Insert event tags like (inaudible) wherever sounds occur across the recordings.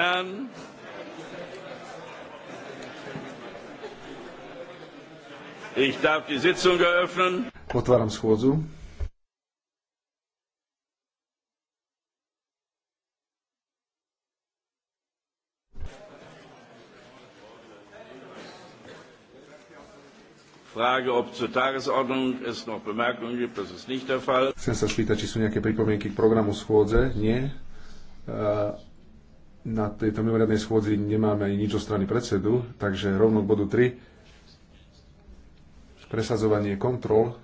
Um, ich darf die Sitzung eröffnen. Otváram schôdzu. Frage, ob zur Tagesordnung es noch Bemerkungen gibt, das ist nicht der Fall. Chcem sa spýtať, či sú nejaké pripomienky k programu schôdze. Nie. Uh, na tejto mimoriadnej schôdzi nemáme ani nič zo strany predsedu, takže rovno k bodu 3. Presadzovanie kontrol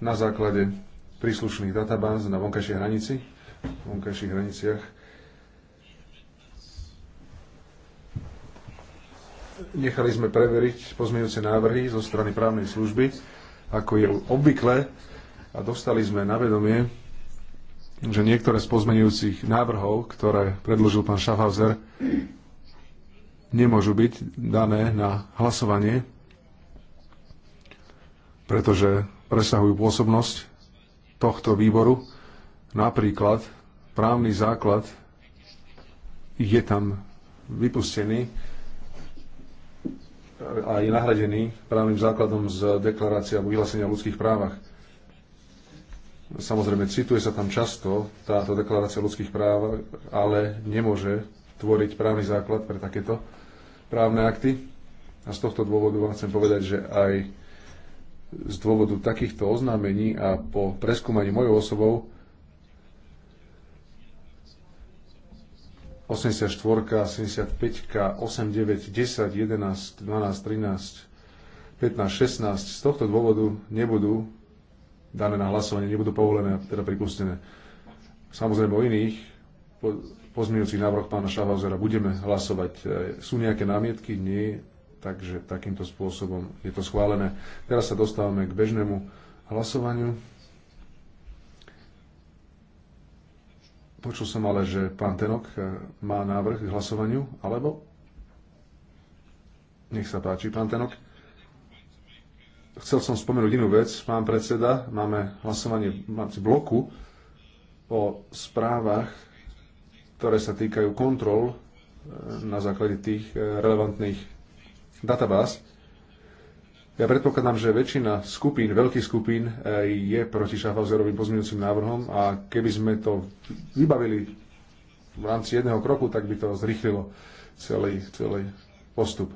na základe príslušných databáz na vonkajšej hranici, vonkajších hraniciach. Nechali sme preveriť pozmeňujúce návrhy zo strany právnej služby, ako je obvykle, a dostali sme na vedomie že niektoré z pozmenujúcich návrhov, ktoré predložil pán Schaffhauser, nemôžu byť dané na hlasovanie, pretože presahujú pôsobnosť tohto výboru. Napríklad právny základ je tam vypustený a je nahradený právnym základom z deklarácie alebo vyhlásenia o ľudských právach. Samozrejme, cituje sa tam často táto deklarácia ľudských práv, ale nemôže tvoriť právny základ pre takéto právne akty. A z tohto dôvodu vám chcem povedať, že aj z dôvodu takýchto oznámení a po preskúmaní mojou osobou 84, 75, 8, 9, 10, 11, 12, 13, 15, 16 z tohto dôvodu nebudú dané na hlasovanie, nebudú povolené, teda pripustené. Samozrejme o iných pozmeňujúcich návrhoch pána Schaffhausera budeme hlasovať. E, sú nejaké námietky? Nie. Takže takýmto spôsobom je to schválené. Teraz sa dostávame k bežnému hlasovaniu. Počul som ale, že pán Tenok e, má návrh k hlasovaniu, alebo? Nech sa páči, pán Tenok. Chcel som spomenúť inú vec, pán predseda. Máme hlasovanie v bloku o správach, ktoré sa týkajú kontrol e, na základe tých e, relevantných databáz. Ja predpokladám, že väčšina skupín, veľkých skupín e, je proti Schaffhauserovým pozmeňujúcim návrhom a keby sme to vybavili v rámci jedného kroku, tak by to zrýchlilo celý, celý postup.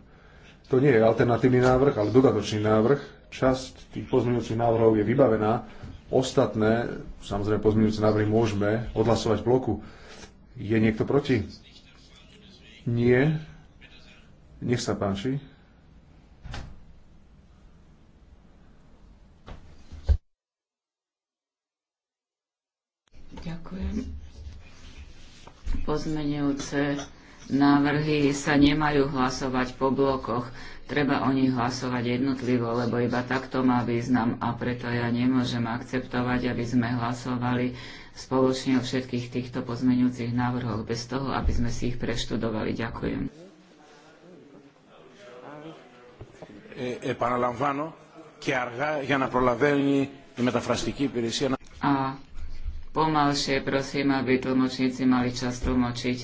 To nie je alternatívny návrh, ale dodatočný návrh časť tých pozmeňujúcich návrhov je vybavená. Ostatné, samozrejme pozmeňujúce návrhy môžeme odhlasovať v bloku. Je niekto proti? Nie. Nech sa páči. Ďakujem. Pozmeňujúce návrhy sa nemajú hlasovať po blokoch treba o nich hlasovať jednotlivo, lebo iba takto má význam a preto ja nemôžem akceptovať, aby sme hlasovali spoločne o všetkých týchto pozmeňujúcich návrhoch bez toho, aby sme si ich preštudovali. Ďakujem. E, e, e a pomalšie prosím, aby tlmočníci mali čas tlmočiť.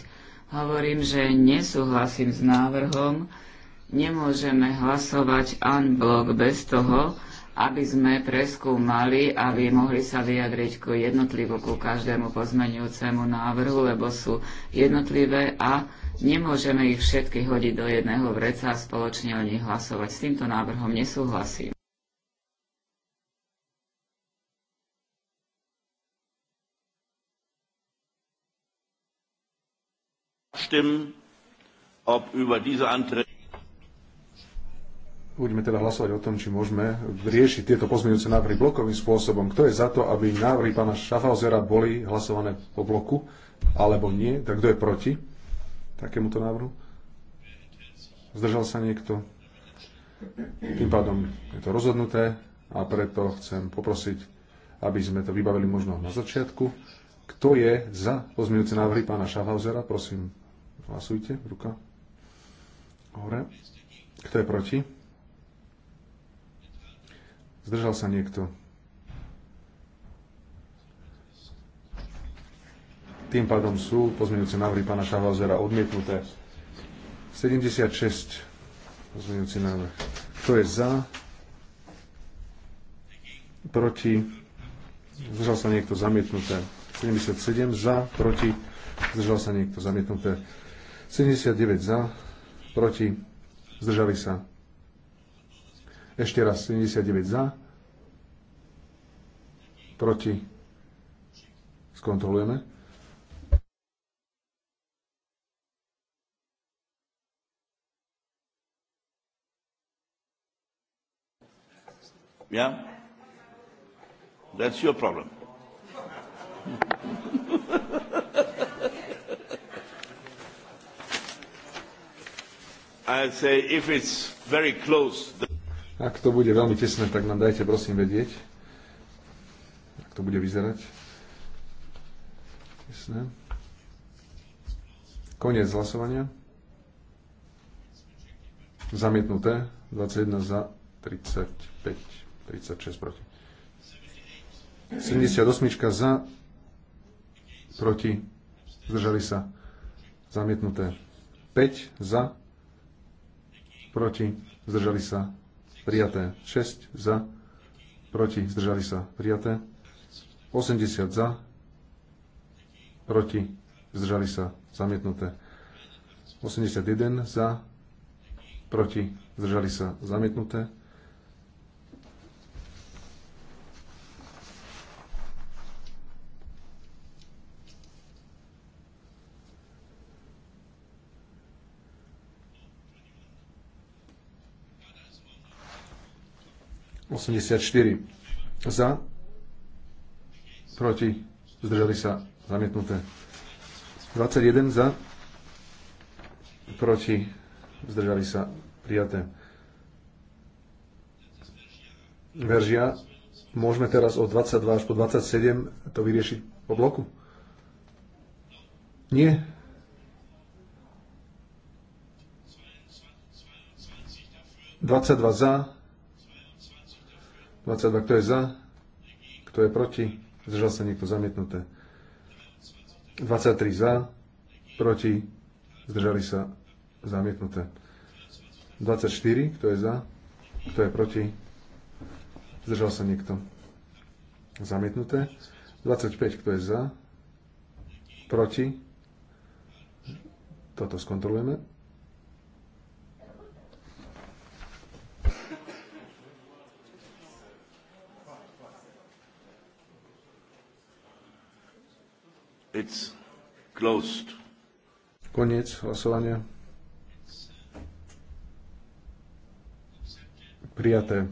Hovorím, že nesúhlasím s návrhom, nemôžeme hlasovať blok bez toho, aby sme preskúmali, aby mohli sa vyjadriť ku jednotlivo ku každému pozmenujúcemu návrhu, lebo sú jednotlivé a nemôžeme ich všetky hodiť do jedného vreca a spoločne o nich hlasovať. S týmto návrhom nesúhlasím. Stimmen, ob über diese Anträge Budeme teda hlasovať o tom, či môžeme riešiť tieto pozmeňujúce návrhy blokovým spôsobom. Kto je za to, aby návrhy pána Schaffhausera boli hlasované po bloku, alebo nie? Tak kto je proti takémuto návrhu? Zdržal sa niekto? Tým pádom je to rozhodnuté a preto chcem poprosiť, aby sme to vybavili možno na začiatku. Kto je za pozmeňujúce návrhy pána Schaffhausera? Prosím, hlasujte. Ruka hore. Kto je proti? Zdržal sa niekto? Tým pádom sú pozmeňujúce návrhy pána Šahlazera odmietnuté. 76 pozmeňujúci návrh. Kto je za? Proti? Zdržal sa niekto zamietnuté. 77 za, proti? Zdržal sa niekto zamietnuté. 79 za, proti? Zdržali sa ešte raz 79 za. Proti. Skontrolujeme. Yeah? That's your problem. (laughs) I'd say if it's very close. The ak to bude veľmi tesné, tak nám dajte prosím vedieť, ak to bude vyzerať. Tesné. Koniec hlasovania. Zamietnuté. 21 za, 35, 36 proti. 78 za, proti, zdržali sa. Zamietnuté. 5 za, proti, zdržali sa prijaté. 6 za, proti, zdržali sa, prijaté. 80 za, proti, zdržali sa, zamietnuté. 81 za, proti, zdržali sa, zamietnuté. 84 za, proti, zdržali sa zamietnuté. 21 za, proti, zdržali sa prijaté. Veržia, môžeme teraz od 22 až po 27 to vyriešiť po bloku? Nie. Dvadsaťdva za, 22, kto je za, kto je proti, zdržal sa niekto zamietnuté. 23 za, proti, zdržali sa zamietnuté. 24, kto je za, kto je proti, zdržal sa niekto zamietnuté. 25, kto je za, proti, toto skontrolujeme. It's closed. Koniec hlasovania. Prijaté.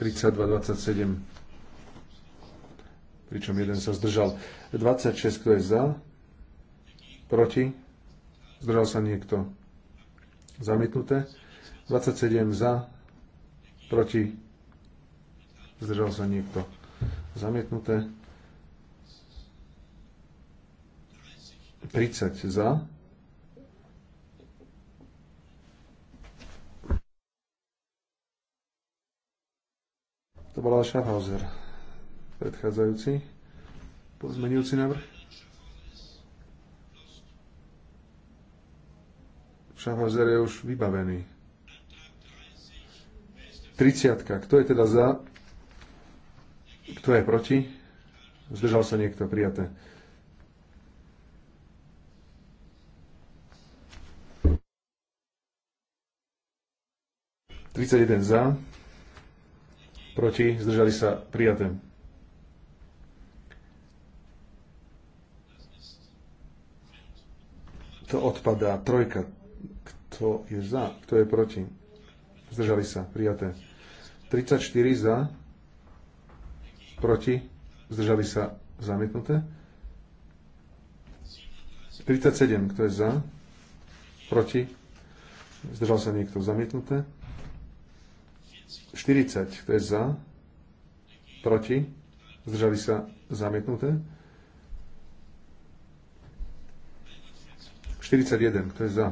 32-27. Pričom jeden sa zdržal. 26, kto je za? Proti? Zdržal sa niekto. Zamietnuté. 27 za. Proti? Zdržal sa niekto. Zamietnuté. 30 za. To bola Schaffhauser, predchádzajúci pozmenujúci návrh. Schaffhauser je už vybavený. 30. Kto je teda za? Kto je proti? Zdržal sa niekto prijaté. 31 za, proti, zdržali sa prijaté. To odpadá. Trojka. Kto je za? Kto je proti? Zdržali sa. Prijaté. 34 za. Proti. Zdržali sa. Zamietnuté. 37. Kto je za? Proti. Zdržal sa niekto. Zamietnuté. 40, kto je za, proti, zdržali sa zamietnuté. 41, kto je za,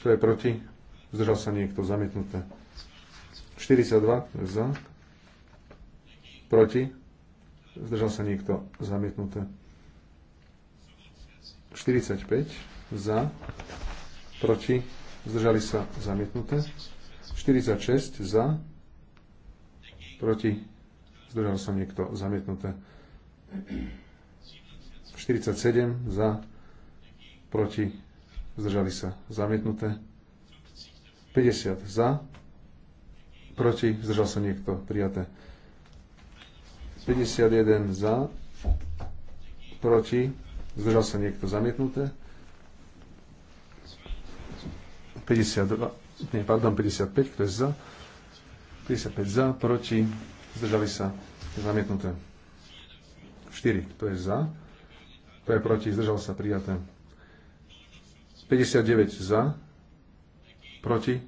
kto je proti, zdržal sa niekto, zamietnuté. 42, kto je za, proti, zdržal sa niekto, zamietnuté. 45, za, proti, zdržali sa, zamietnuté. 46 za, proti, zdržal sa niekto, zamietnuté. 47 za, proti, zdržali sa, zamietnuté. 50 za, proti, zdržal sa niekto, prijaté. 51 za, proti, zdržal sa niekto, zamietnuté. 52 nie, pardon, 55, kto je za, 55 za, proti, zdržali sa, zamietnuté. 4, kto je za, kto je proti, zdržal sa, prijaté. 59 za, proti,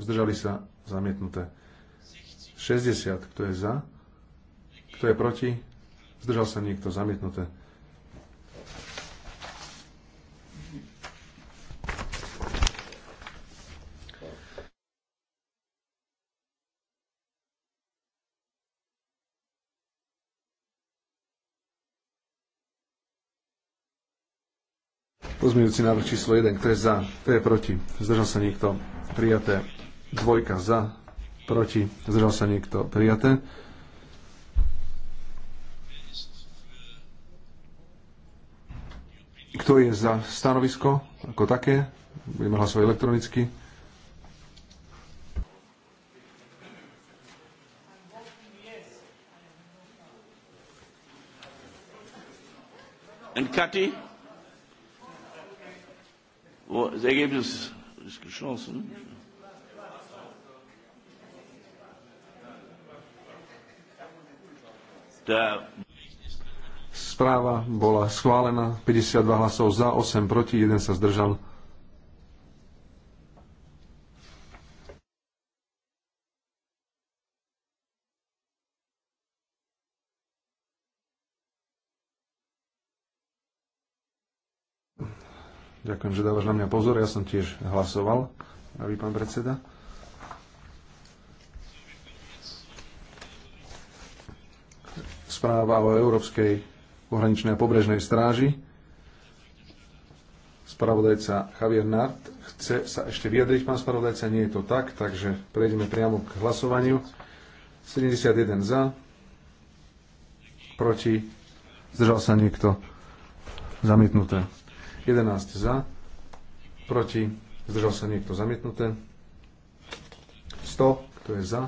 zdržali sa, zamietnuté. 60, kto je za, kto je proti, zdržal sa niekto, zamietnuté. Pozmeňujúci návrh číslo 1, kto je za, kto je proti, zdržal sa niekto, prijaté. Dvojka za, proti, zdržal sa niekto, prijaté. Kto je za stanovisko ako také? Budeme hlasovať elektronicky. And Kati? Das Ergebnis ist geschlossen. Der Správa bola schválená, 52 hlasov za, 8 proti, 1 sa zdržal. Ďakujem, že dávaš na mňa pozor. Ja som tiež hlasoval, aby pán predseda. Správa o Európskej pohraničnej a pobrežnej stráži. Spravodajca Javier Nart chce sa ešte vyjadriť, pán spravodajca, nie je to tak, takže prejdeme priamo k hlasovaniu. 71 za, proti, zdržal sa niekto, zamietnuté. 11 za, proti, zdržal sa niekto zamietnuté. 100, kto je za,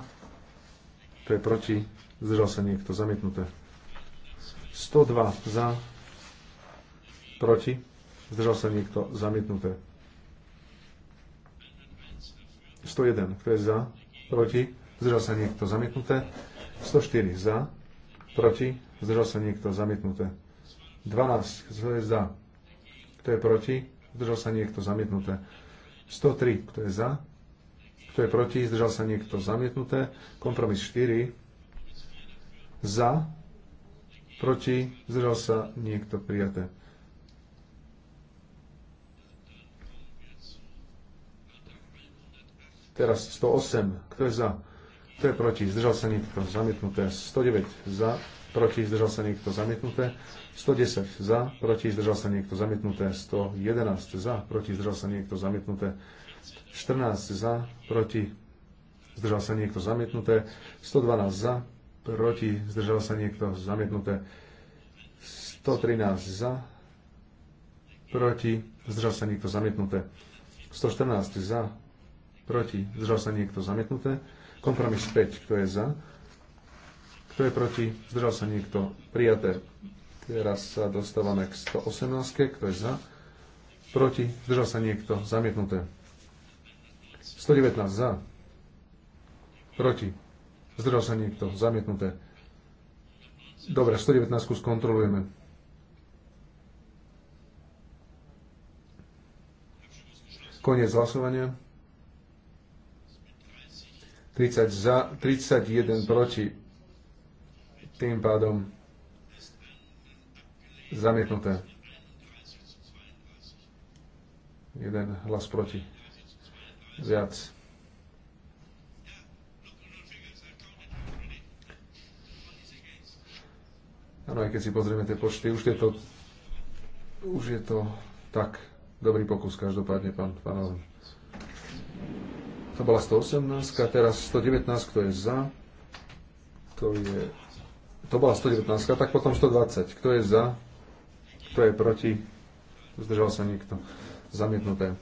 kto je proti, zdržal sa niekto zamietnuté. 102 za, proti, zdržal sa niekto zamietnuté. 101, kto je za, proti, zdržal sa niekto zamietnuté. 104 za, proti, zdržal sa niekto zamietnuté. 12, kto je za, kto je proti? Zdržal sa niekto zamietnuté. 103. Kto je za? Kto je proti? Zdržal sa niekto zamietnuté. Kompromis 4. Za. Proti. Zdržal sa niekto prijaté. Teraz 108. Kto je za? Kto je proti? Zdržal sa niekto zamietnuté. 109. Za proti zdržal sa niekto zamietnuté, 110 za, proti zdržal sa niekto zamietnuté, 111 za, proti zdržal sa niekto zamietnuté, 14 za, proti zdržal sa niekto zamietnuté, 112 za, proti zdržal sa niekto zamietnuté, 113 za, proti, zdržal sa niekto zamietnuté. 114 za, proti, zdržal sa niekto zamietnuté. Kompromis 5, kto je za, kto je proti? Zdržal sa niekto? Prijaté. Teraz sa dostávame k 118. Kto je za? Proti? Zdržal sa niekto? Zamietnuté. 119 za. Proti? Zdržal sa niekto? Zamietnuté. Dobre, 119 skontrolujeme. Koniec hlasovania. 30 za, 31 proti tým pádom zamietnuté. Jeden hlas proti. Viac. Áno, aj keď si pozrieme tie počty, už je to, už je to tak. Dobrý pokus každopádne, pán Fanovan. To bola 118, teraz 119, kto je za, kto je to bola 119, tak potom 120. Kto je za? Kto je proti? Zdržal sa niekto. Zamietnuté.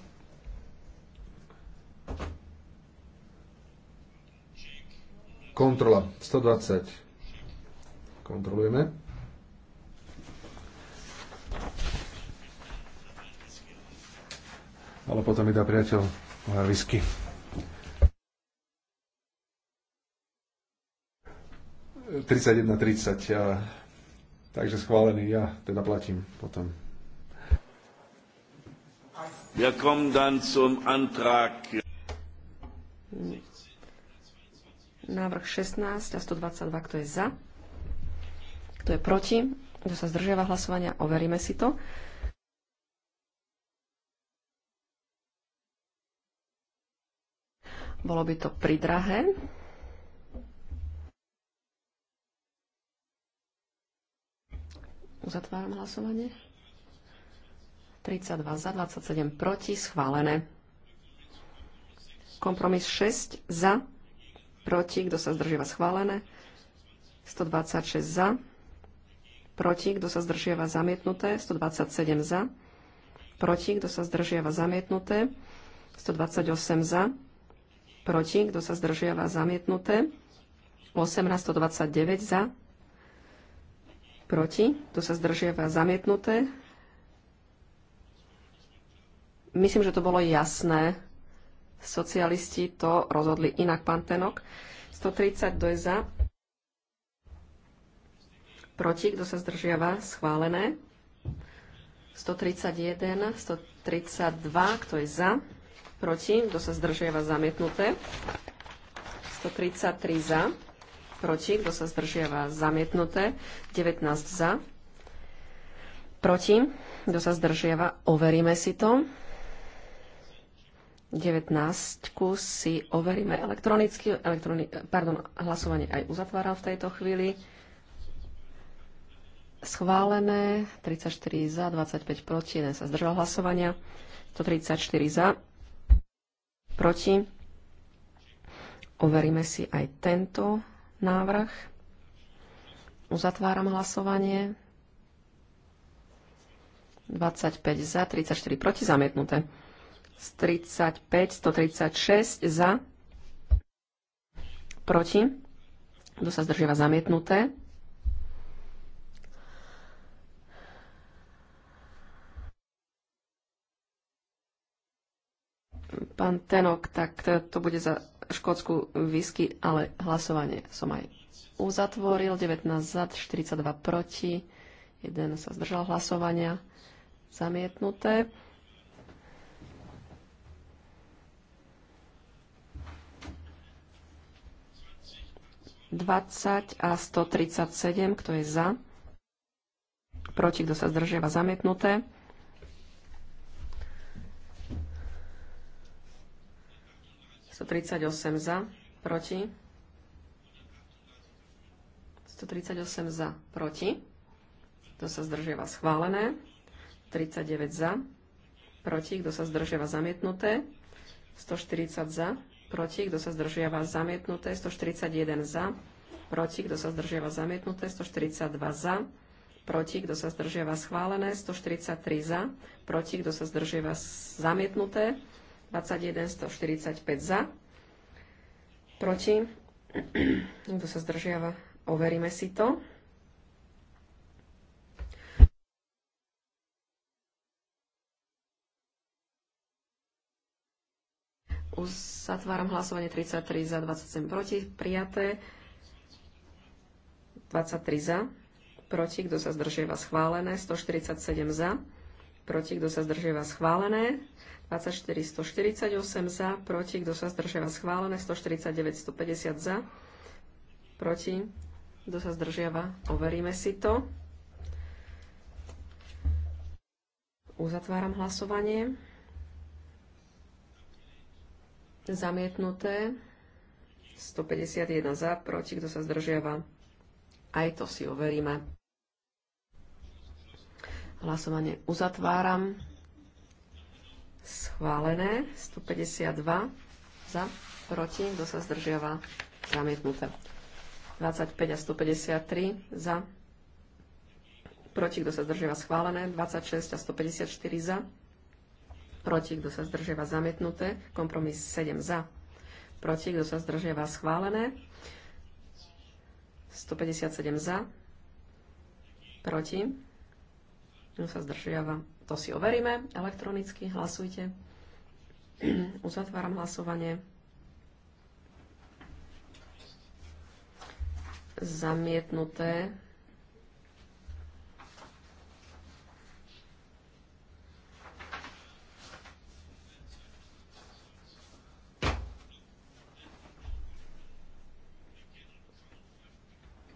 Kontrola. 120. Kontrolujeme. Ale potom mi dá priateľ whisky. 31.30. Takže schválený ja, teda platím potom. Wir kommen dann zum Antrag. Návrh 16 a 122, kto je za? Kto je proti? Kto sa zdržiava hlasovania? Overíme si to. Bolo by to pridrahé. Uzatváram hlasovanie. 32 za, 27 proti, schválené. Kompromis 6 za, proti, kto sa zdržiava schválené. 126 za, proti, kto sa zdržiava zamietnuté. 127 za, proti, kto sa zdržiava zamietnuté. 128 za, proti, kto sa zdržiava zamietnuté. 18 129 za, proti, to sa zdržiava zamietnuté. Myslím, že to bolo jasné. Socialisti to rozhodli inak, pán Tenok. 130, kto je za? Proti, kto sa zdržiava? Schválené. 131, 132, kto je za? Proti, kto sa zdržiava? Zamietnuté. 133 za proti, kto sa zdržiava zamietnuté, 19 za, proti, kto sa zdržiava, overíme si to. 19 si overíme elektronicky, elektroni- pardon, hlasovanie aj uzatváram v tejto chvíli. Schválené, 34 za, 25 proti, jeden sa zdržal hlasovania, 134 za, proti, Overíme si aj tento návrh. Uzatváram hlasovanie. 25 za, 34 proti, zamietnuté. Z 35, 136 za, proti. Kto sa zdržiava zamietnuté? Pán Tenok, tak to bude za škótsku whisky, ale hlasovanie som aj uzatvoril. 19 za, 42 proti, 1 sa zdržal hlasovania, zamietnuté. Dvadsať a 137, kto je za? Proti, kto sa zdržiava, zamietnuté. 138 za, proti. 138 za, proti. Kto sa zdržiava schválené. 39 za, proti. Kto sa zdržiava zamietnuté. 140 za, proti. Kto sa zdržiava zamietnuté. 141 za, proti. Kto sa zdržiava zamietnuté. 142 za, proti. Kto sa zdržiava schválené. 143 za, proti. Kto sa zdržiava zamietnuté. 21 145 (clears throat) za, proti, kto sa zdržiava, overíme si to. Zatváram hlasovanie 33 za, 27 proti, prijaté. 23 za, proti, kto sa zdržieva schválené, 147 za, proti, kto sa zdržieva schválené, 24, 148 za, proti, kto sa zdržiava schválené, 149, 150 za, proti, kto sa zdržiava, overíme si to. Uzatváram hlasovanie. Zamietnuté. 151 za, proti, kto sa zdržiava. Aj to si overíme. Hlasovanie uzatváram. Schválené. 152 za, proti, kto sa zdržiava, zamietnuté. 25 a 153 za, proti, kto sa zdržiava, schválené. 26 a 154 za, proti, kto sa zdržiava, zamietnuté. Kompromis 7 za, proti, kto sa zdržiava, schválené. 157 za, proti, kto sa zdržiava, to si overíme elektronicky. Hlasujte. (clears throat) Uzatváram hlasovanie. Zamietnuté.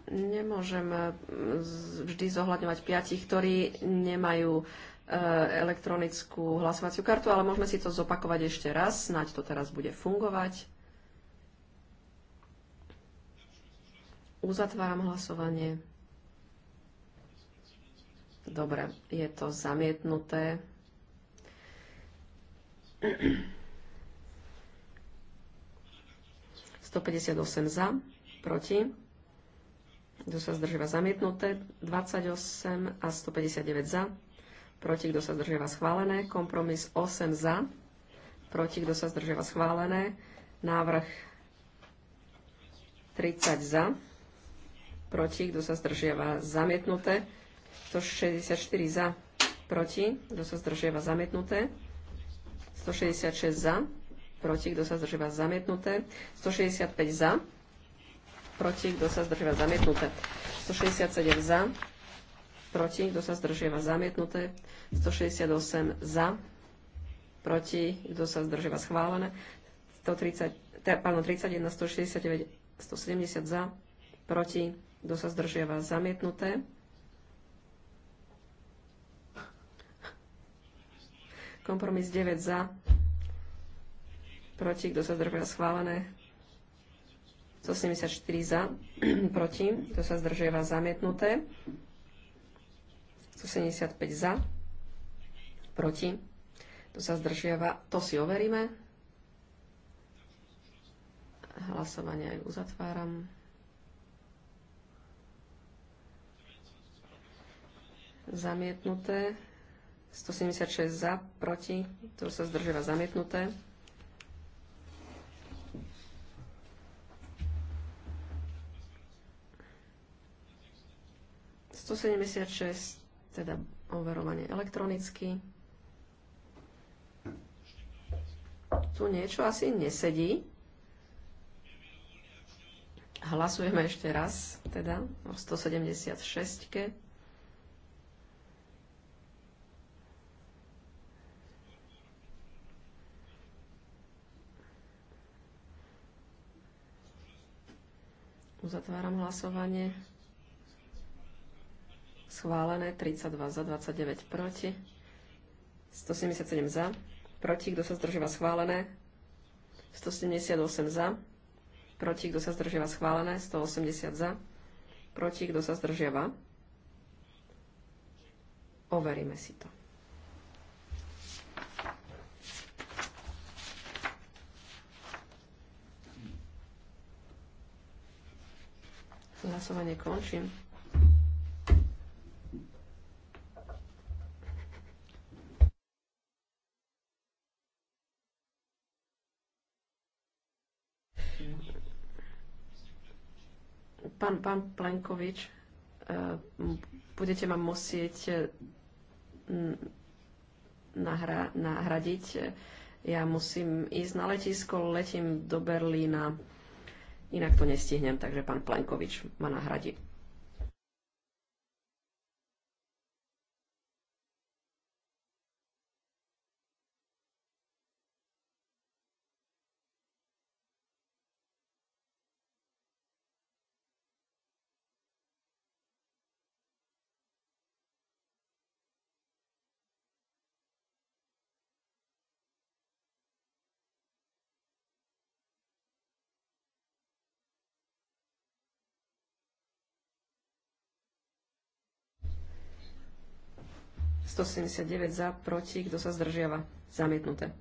nemôžem vždy zohľadňovať piatich, ktorí nemajú E, elektronickú hlasovaciu kartu, ale môžeme si to zopakovať ešte raz, snáď to teraz bude fungovať. Uzatváram hlasovanie. Dobre, je to zamietnuté. ...158 za, proti. Kto sa zdržíva zamietnuté? 28 a 159 za, proti kto sa zdržiava schválené, kompromis 8 za, proti kto sa zdržiava schválené, návrh 30 za, proti kto sa zdržiava zamietnuté, 164 za, proti kto sa zdržiava zamietnuté, 166 za, proti kto sa zdržiava zamietnuté, 165 za, proti kto sa zdržiava zamietnuté, 167 za, proti, kto sa zdržiava zamietnuté, 168 za, proti, kto sa zdržiava schválené, 130, pardon, 31, 169, 170 za, proti, kto sa zdržiava zamietnuté. Kompromis 9 za, proti, kto sa zdržiava schválené, 174 za, (clears throat) proti, kto sa zdržiava zamietnuté. 175 za, proti, to sa zdržiava, to si overíme. Hlasovanie aj uzatváram. Zamietnuté. 176 za, proti, to sa zdržiava zamietnuté. Sto sedemdesiat teda overovanie elektronicky. Tu niečo asi nesedí. Hlasujeme ešte raz, teda o 176. -ke. Uzatváram hlasovanie. Schválené 32 za, 29 proti. 177 za. Proti, kto sa zdržíva schválené. 178 za. Proti, kto sa zdržíva schválené. 180 za. Proti, kto sa zdržiava. Overíme si to. Hlasovanie končím. Pán, pán Plenkovič, eh, budete ma musieť eh, nahra, nahradiť. Ja musím ísť na letisko, letím do Berlína. Inak to nestihnem, takže pán Plenkovič ma nahradí. 179 za, proti, kto sa zdržiava. Zamietnuté.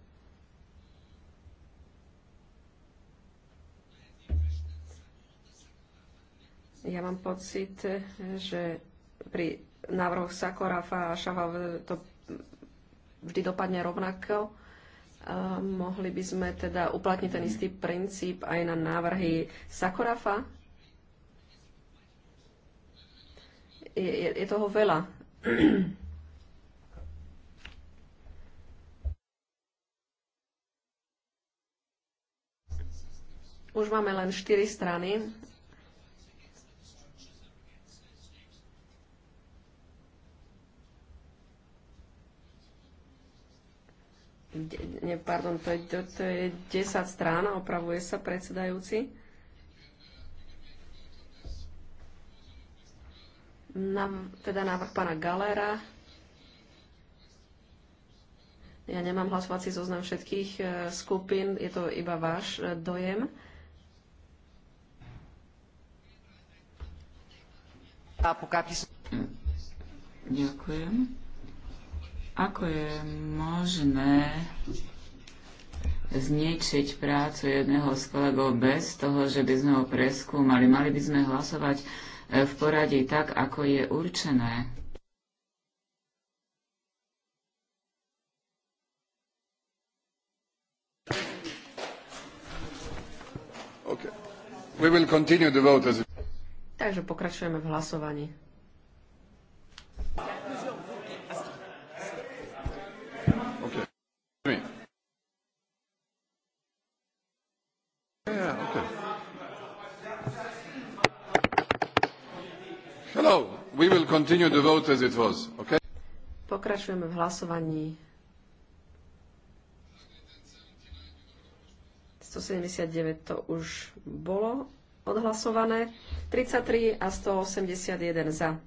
Ja mám pocit, že pri návrhoch Sakorafa a Šava to vždy dopadne rovnako. A mohli by sme teda uplatniť ten istý princíp aj na návrhy Sakorafa? Je, je, je toho veľa. Už máme len 4 strany. Ne, pardon, to je, to, to je 10 strán, opravuje sa predsedajúci. Na, teda návrh pána Galera. Ja nemám hlasovací zoznam všetkých eh, skupín, je to iba váš eh, dojem. Ďakujem. Ako je možné zničiť prácu jedného z kolegov bez toho, že by sme ho preskúmali. Mali by sme hlasovať e, v poradí tak, ako je určené. Okay. We will continue the vote as Takže pokračujeme v hlasovaní. Okay. Yeah, okay. Hello, we will continue the vote as it was, okay? Pokračujeme v hlasovaní 179 to už bolo odhlasované. 33 a 181 za.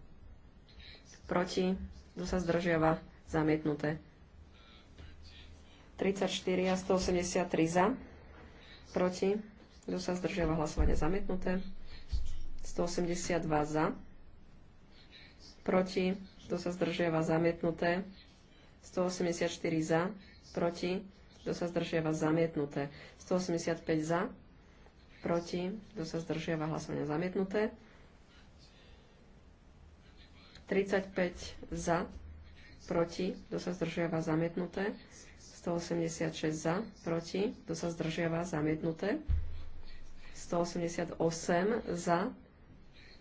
Proti. Kto sa zdržiava? Zamietnuté. 34 a 183 za. Proti. Kto sa zdržiava? Hlasovanie zamietnuté. 182 za. Proti. Kto sa zdržiava? Zamietnuté. 184 za. Proti. Kto sa zdržiava? Zamietnuté. 185 za proti, kto sa zdržiava hlasovania zamietnuté. 35 za, proti, kto sa zdržiava zamietnuté. 186 za, proti, kto sa zdržiava zamietnuté. 188 za,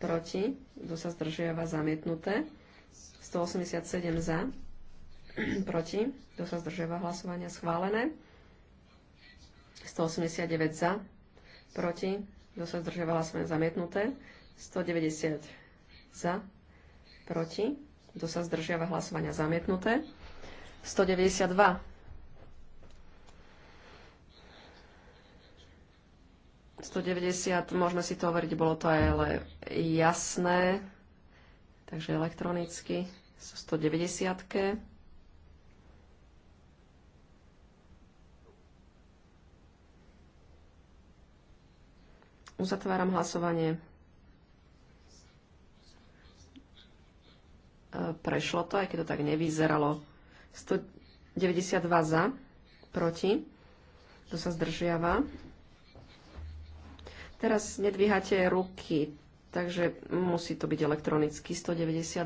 proti, kto sa zdržiava zamietnuté. 187 za, proti, kto sa zdržiava hlasovania schválené. 189 za, proti, kto sa zdržiava hlasovanie zamietnuté, 190 za, proti, kto sa zdržiava hlasovania zamietnuté, 192 190, môžeme si to overiť, bolo to aj ale jasné, takže elektronicky 190. -ke. Uzatváram hlasovanie. E, prešlo to, aj keď to tak nevyzeralo. 192 za, proti. to sa zdržiava? Teraz nedvíhate ruky, takže musí to byť elektronicky 192.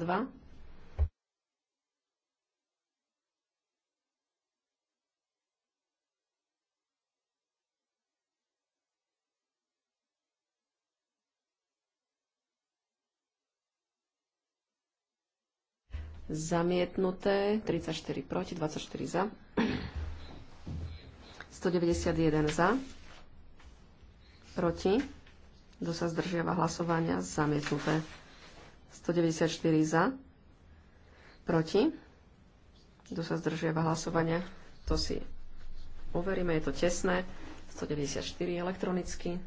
Zamietnuté. 34 proti, 24 za. 191 za. Proti. Kto sa zdržiava hlasovania? Zamietnuté. 194 za. Proti. Kto sa zdržiava hlasovania? To si overíme, je to tesné. 194 elektronicky.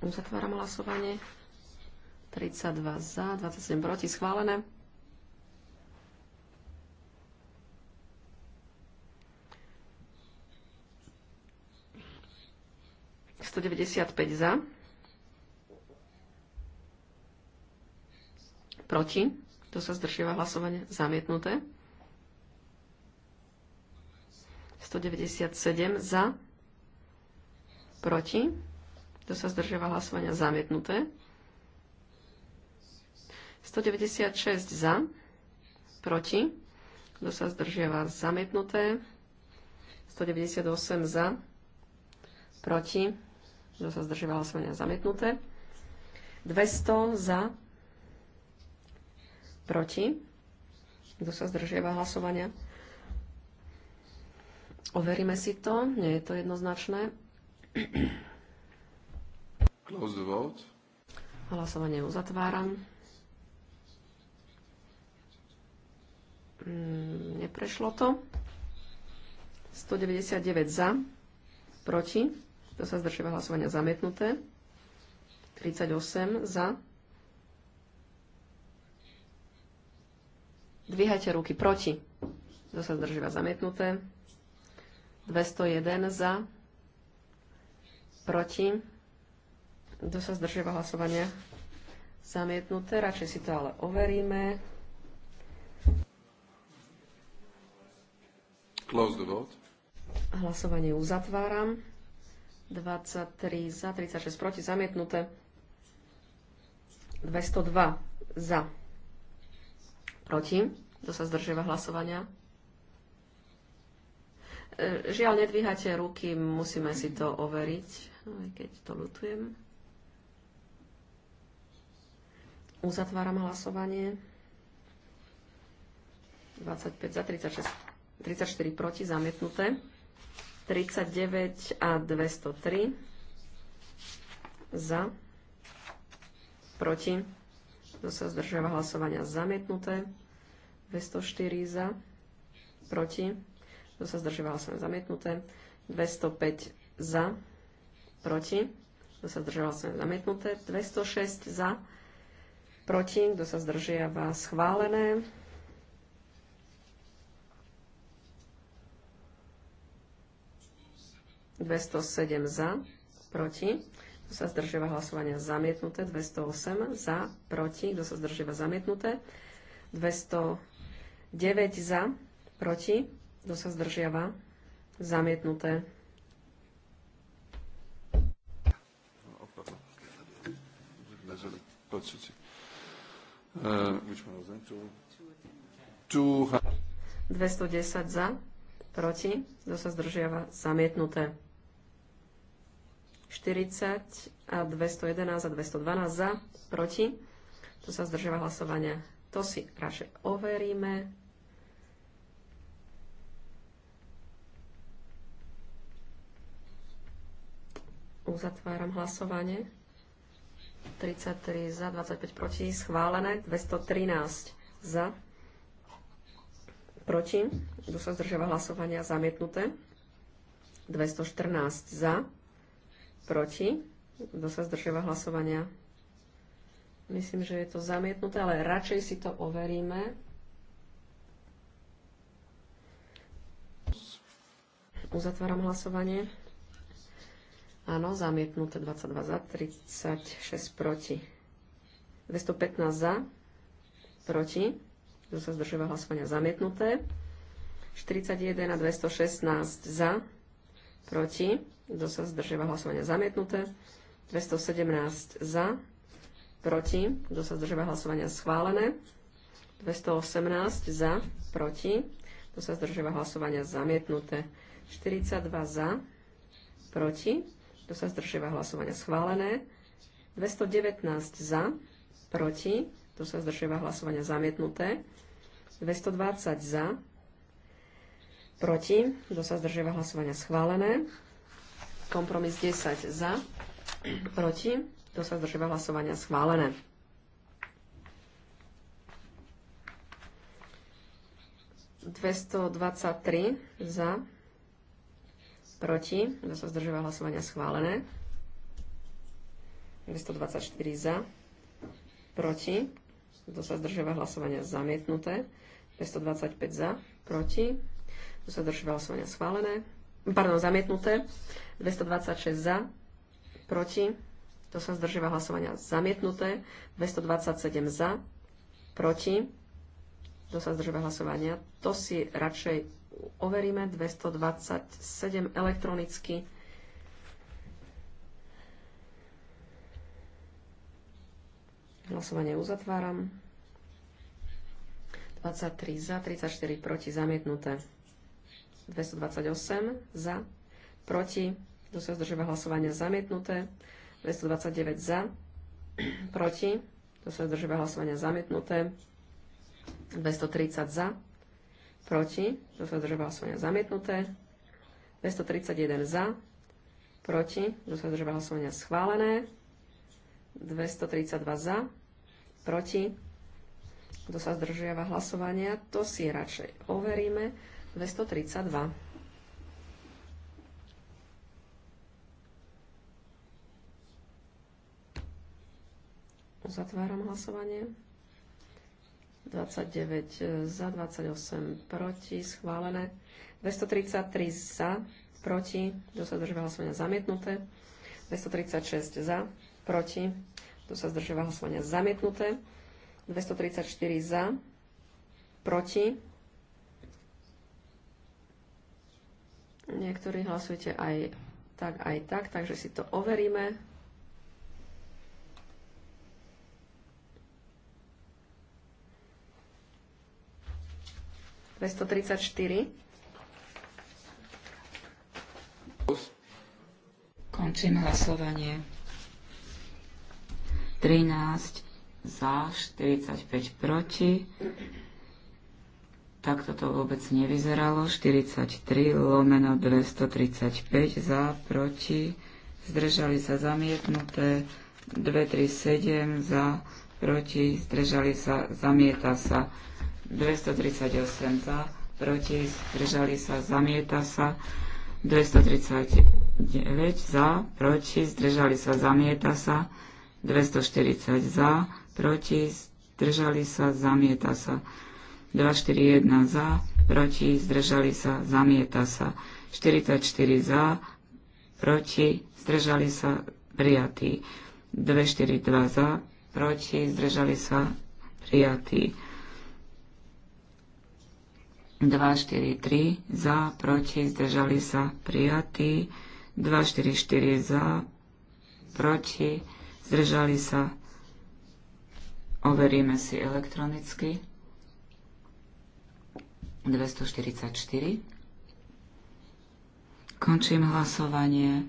Uzatváram hlasovanie. 32 za, 27 proti, schválené. 195 za. Proti. To sa zdržiava hlasovanie. Zamietnuté. 197 za. Proti. Kto sa zdržiava hlasovania? Zamietnuté. 196 za. Proti. Kto sa zdržiava? Zamietnuté. 198 za. Proti. Kto sa zdržiava hlasovania? Zamietnuté. 200 za. Proti. Kto sa zdržiava hlasovania? Overíme si to, nie je to jednoznačné. Close the vote. Hlasovanie uzatváram. Mm, neprešlo to. 199 za, proti. To sa zdržíva hlasovania zamietnuté. 38 za. Dvíhajte ruky proti. To sa zdržíva zamietnuté. 201 za, proti kto sa zdržiava hlasovania? Zamietnuté. Radšej si to ale overíme. Close the vote. Hlasovanie uzatváram. 23 za, 36 proti, zamietnuté. 202 za, proti. Kto sa zdržiava hlasovania? E, žiaľ, nedvíhate ruky, musíme si to overiť, aj keď to lutujem. Uzatváram hlasovanie. 25 za, 36, 34 proti, zamietnuté. 39 a 203 za, proti, kto sa zdržiava hlasovania zamietnuté, 204 za, proti, kto sa zdržiava hlasovania zamietnuté, 205 za, proti, kto sa zdržiava hlasovania zamietnuté, 206 za, proti, kto sa zdržiava, schválené. Dvesto sedem za, proti, kto sa zdržiava hlasovania zamietnuté, 208 za, proti, kto sa zdržiava zamietnuté, 209 za, proti, kto sa zdržiava zamietnuté. Bez, 210 za, proti, kto sa zdržiava, zamietnuté. 40 a 211 a 212 za, proti, kto sa zdržiava hlasovania. To si radšej overíme. Uzatváram hlasovanie. 33 za, 25 proti, schválené, 213 za, proti, kto sa zdržiava hlasovania, zamietnuté, 214 za, proti, kto sa zdržiava hlasovania, myslím, že je to zamietnuté, ale radšej si to overíme. Uzatváram hlasovanie. Áno, zamietnuté 22 za, 36 proti. 215 za, proti. Zo sa zdržiava hlasovania zamietnuté. 41 a 216 za, proti. Zo sa zdržiava hlasovania zamietnuté. 217 za, proti. Zo sa zdržiava hlasovania schválené. 218 za, proti. Zo sa zdržiava hlasovania zamietnuté. 42 za, proti. Kto sa zdržiava hlasovania? Schválené. 219 za, proti. Kto sa zdržiava hlasovania? Zamietnuté. 220 za, proti. Kto sa zdržiava hlasovania? Schválené. Kompromis 10 za, proti. Kto sa zdržiava hlasovania? Schválené. 223 za, proti, kto sa zdržuje hlasovania schválené. 224 za, proti, kto sa zdržuje hlasovania zamietnuté. 225 za, proti, kto sa zdržuje hlasovania schválené. Pardon, zamietnuté. 226 za, proti, kto sa zdržuje hlasovania zamietnuté. 227 za, proti, kto sa zdržuje hlasovania. To si radšej overíme 227 elektronicky. Hlasovanie uzatváram. 23 za, 34 proti, zamietnuté. 228 za, proti, kto sa zdržíva hlasovania, zamietnuté. 229 za, (clears throat) proti, kto sa zdržíva hlasovania, zamietnuté. 230 za, proti, kto sa zdržal hlasovania zamietnuté, 231 za, proti, kto sa zdržal hlasovania schválené, 232 za, proti, kto sa zdržiava hlasovania, to si radšej overíme, 232. Uzatváram hlasovanie. 29 e, za, 28 proti, schválené. 233 za, proti, kto sa zdržuje hlasovania zamietnuté. 236 za, proti, kto sa zdržuje hlasovania zamietnuté. 234 za, proti. Niektorí hlasujete aj tak, aj tak, takže si to overíme. 234. Končím hlasovanie. 13 za, 45 proti. Takto to vôbec nevyzeralo. 43 lomeno 235 za, proti. Zdržali sa zamietnuté. 237 za, proti. Zdržali sa, zamieta sa. 238 za, proti, zdržali sa, zamieta sa. 239 za, proti, zdržali sa, zamieta sa. 240 za, proti, zdržali sa, zamieta sa. 241 za, proti, zdržali sa, zamieta sa. 44 za, proti, zdržali sa, prijatí. 242 za, proti, zdržali sa, prijatí. 2, 4, 3 za, proti, zdržali sa prijatí, 2, 4, 4 za, proti, zdržali sa, overíme si elektronicky, 244. Končím hlasovanie,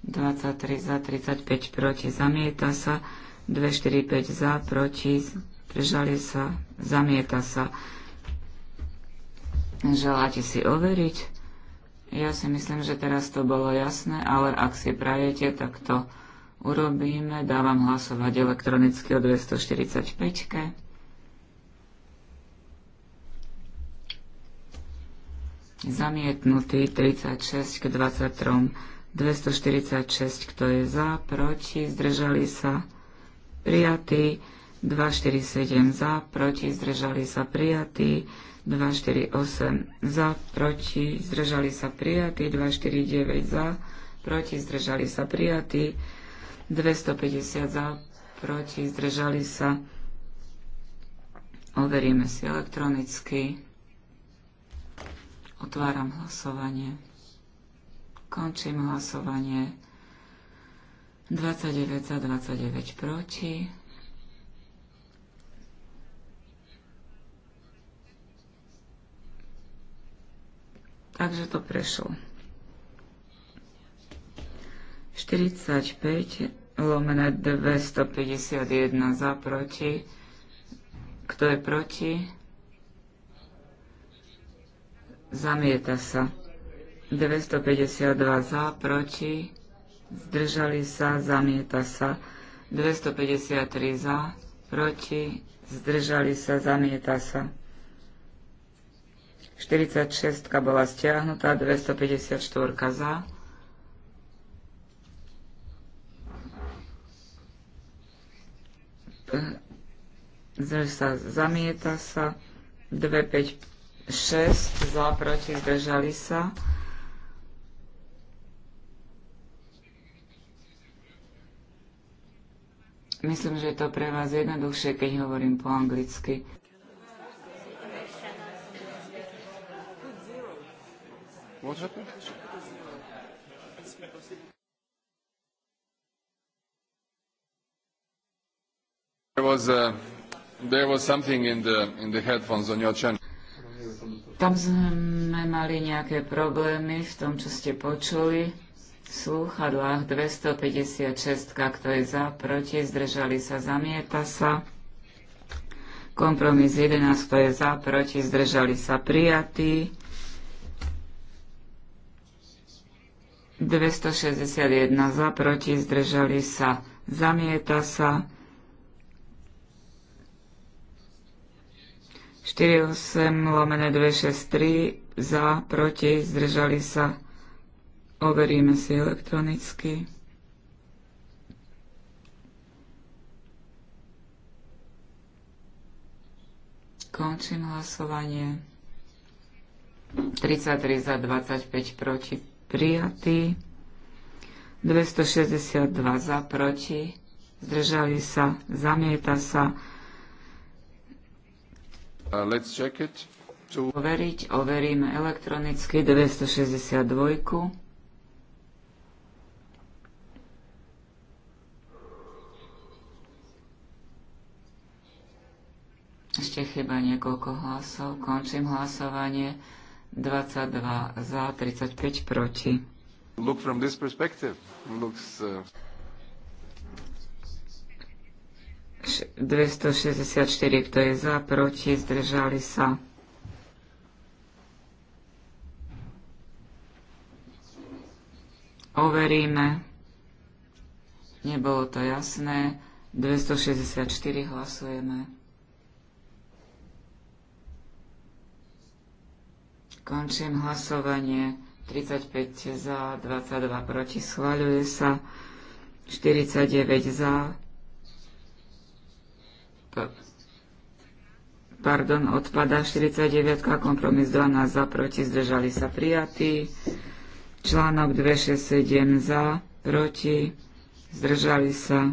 23 za, 35 proti, zamieta sa, 245 za, proti, zdržali sa, zamieta sa, Želáte si overiť? Ja si myslím, že teraz to bolo jasné, ale ak si prajete, tak to urobíme. Dávam hlasovať elektronicky o 245. -ke. Zamietnutý 36 k 23. 246, kto je za, proti, zdržali sa, prijatý. 247 za, proti, zdržali sa, prijatý. 248 za, proti, zdržali sa prijatí, 249 za, proti, zdržali sa prijatí, 250 za, proti, zdržali sa. Overíme si elektronicky. Otváram hlasovanie. Končím hlasovanie. 29 za, 29 proti. takže to prešlo. 45 lomené 251 za proti. Kto je proti? Zamieta sa. 252 za proti. Zdržali sa, zamieta sa. 253 za proti. Zdržali sa, zamieta sa. 46 bola stiahnutá, 254 za. Zdrž sa, zamieta sa. 256 za, proti, zdržali sa. Myslím, že je to pre vás jednoduchšie, keď hovorím po anglicky. Uh, Tam sme mali nejaké problémy v tom, čo ste počuli. V slúchadlách 256, kto je za, proti, zdržali sa, zamieta sa. Kompromis 11, kto je za, proti, zdržali sa, prijatý. 261 za, proti, zdržali sa, zamieta sa. 48 lomene 263 za, proti, zdržali sa. Overíme si elektronicky. Končím hlasovanie. 33 za 25 proti prijatý. 262 za, proti, zdržali sa, zamieta sa. Uh, let's check it. To... Overiť, overíme elektronicky 262. Ešte chyba niekoľko hlasov. Končím hlasovanie. 22 za, 35 proti. Look from this perspective, looks, uh... 264, kto je za, proti, zdržali sa. Overíme. Nebolo to jasné. 264 hlasujeme. Končím hlasovanie. 35 za, 22 proti. Schváľuje sa. 49 za. Pardon, odpada 49, kompromis 12 za, proti, zdržali sa prijatí. Článok 267 za, proti, zdržali sa.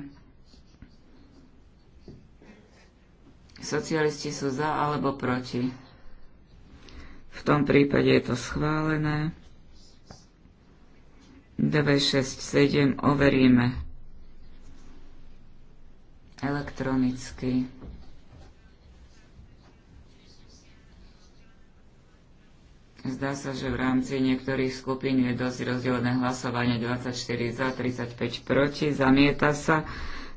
Socialisti sú za alebo proti. V tom prípade je to schválené. 267 overíme elektronicky. Zdá sa, že v rámci niektorých skupín je dosť rozdielne hlasovanie 24 za, 35 proti, zamieta sa,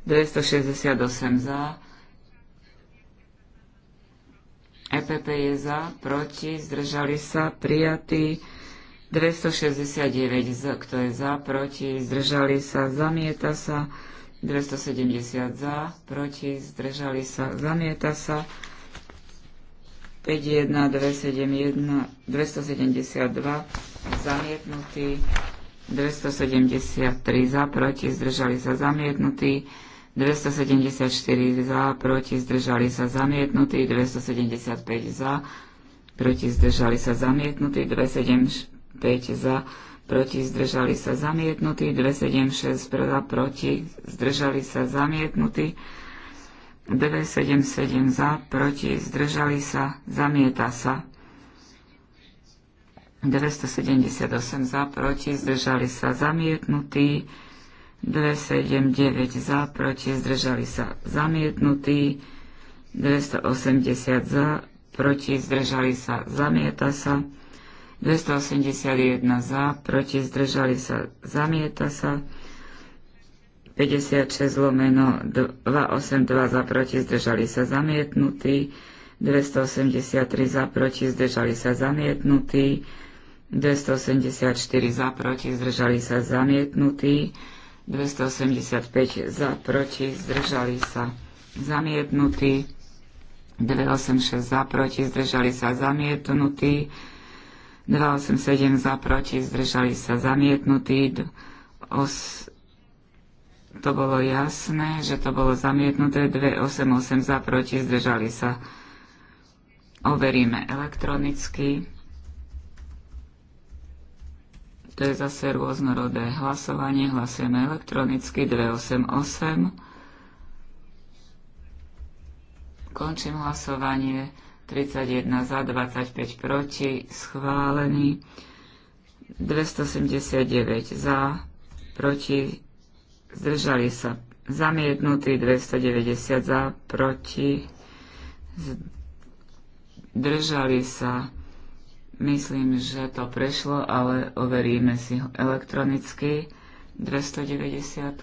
268 za, EPP je za, proti, zdržali sa, prijatí. 269, kto je za, proti, zdržali sa, zamieta sa. 270 za, proti, zdržali sa, zamieta sa. 51, 272, zamietnutý. 273 za, proti, zdržali sa, zamietnutý. 274 za, proti zdržali sa zamietnutí, 275 za, proti zdržali sa zamietnutí, 275 za, proti zdržali sa zamietnutí, 276 za, proti zdržali sa zamietnutí, 277 za, proti zdržali sa, zamieta sa. 978 za, proti zdržali sa zamietnutí, 279 za, proti, zdržali sa zamietnutí, 280 za, proti, zdržali sa, zamieta sa, 281 za, proti, zdržali sa, zamieta sa, 56 lomeno 282 za, proti, zdržali sa, zamietnutí, 283 za, proti, zdržali sa, zamietnutí, 284 za, proti, zdržali sa, zamietnutí, 285 za, proti, zdržali sa zamietnutí. 286 za, proti, zdržali sa zamietnutí. 287 za, proti, zdržali sa zamietnutí. Os... To bolo jasné, že to bolo zamietnuté. 288 za, proti, zdržali sa. Overíme elektronicky to je zase rôznorodé hlasovanie. Hlasujeme elektronicky 288. Končím hlasovanie 31 za, 25 proti, schválený. 279 za, proti, zdržali sa zamietnutí, 290 za, proti, zdržali sa Myslím, že to prešlo, ale overíme si elektronicky 290.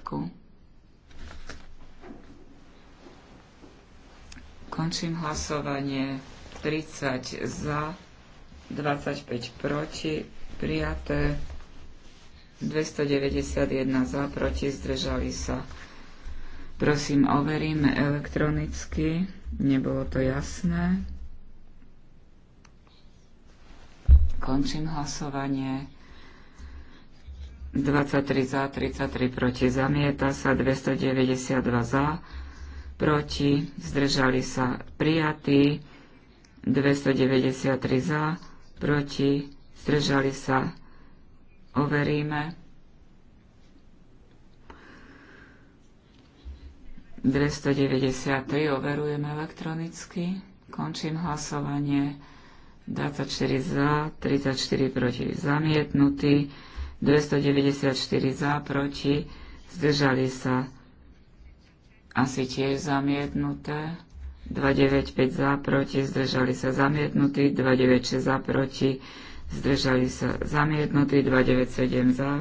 Končím hlasovanie 30 za, 25 proti, prijaté 291 za, proti, zdržali sa. Prosím, overíme elektronicky, nebolo to jasné. Končím hlasovanie. 23 za, 33 proti, zamieta sa, 292 za, proti, zdržali sa, prijatí, 293 za, proti, zdržali sa, overíme. 293 overujeme elektronicky. Končím hlasovanie. 24 za, 34 proti zamietnutý, 294 za, proti, zdržali sa asi tiež zamietnuté, 295 za, proti, zdržali sa zamietnutí, 296 za, proti, zdržali sa zamietnutí, 297 za,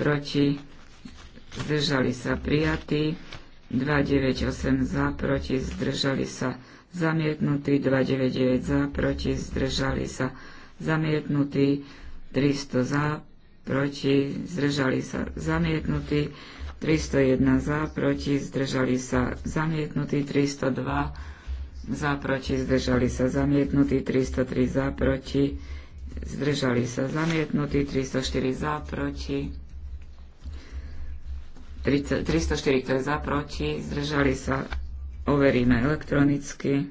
proti, zdržali sa prijatí, 298 za, proti, zdržali sa zamietnutí, zamietnutý 299 za, proti zdržali sa zamietnutý 300 za, proti zdržali sa zamietnutý 301 za, proti zdržali sa zamietnutý 302 za, proti zdržali sa zamietnutý 303 za, proti zdržali sa zamietnutý 304 za, proti 304, kto je za, proti, zdržali sa Overíme elektronicky.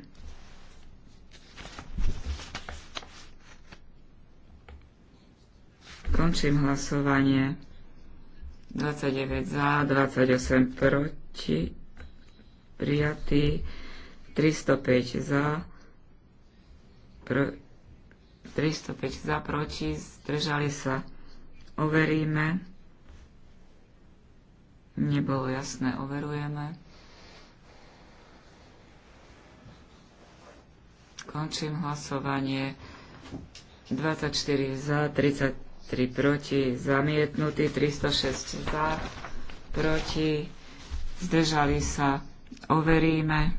Končím hlasovanie. 29 za, 28 proti, prijatý, 305 za, pro, 305 za, proti, zdržali sa. Overíme. Nebolo jasné, overujeme. Končím hlasovanie. 24 za, 33 proti, zamietnutý, 306 za, proti, zdržali sa, overíme.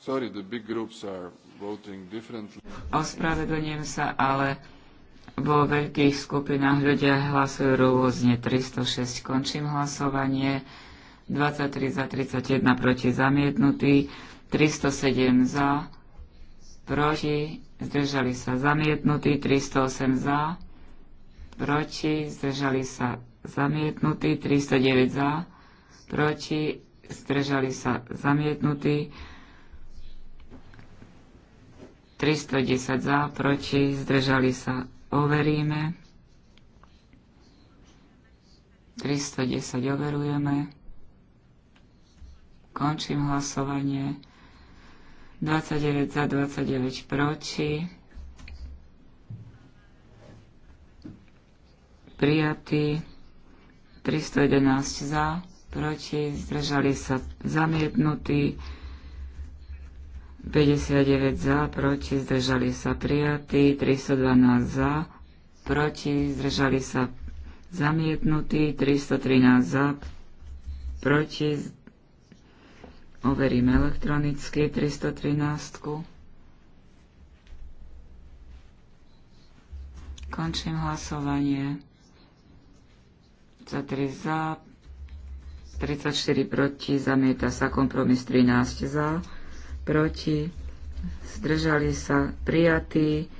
Sorry, the big groups are voting differently. Ospravedlňujem sa, ale vo veľkých skupinách ľudia hlasujú rôzne. 306 končím hlasovanie, 23 za 31 proti zamietnutý, 307 za, proti, zdržali sa zamietnutí, 308 za, proti, zdržali sa zamietnutí, 309 za, proti, zdržali sa zamietnutí, 310 za, proti, zdržali sa, overíme. 310 overujeme. Končím hlasovanie. 29 za, 29 proti. Prijatý. 311 za, proti. Zdržali sa zamietnutí. 59 za, proti. Zdržali sa prijatí. 312 za, proti. Zdržali sa zamietnutí. 313 za, proti Overím elektronicky 313. -ku. Končím hlasovanie. 23 za, 34 proti, zamieta sa kompromis 13 za, proti, zdržali sa prijatí.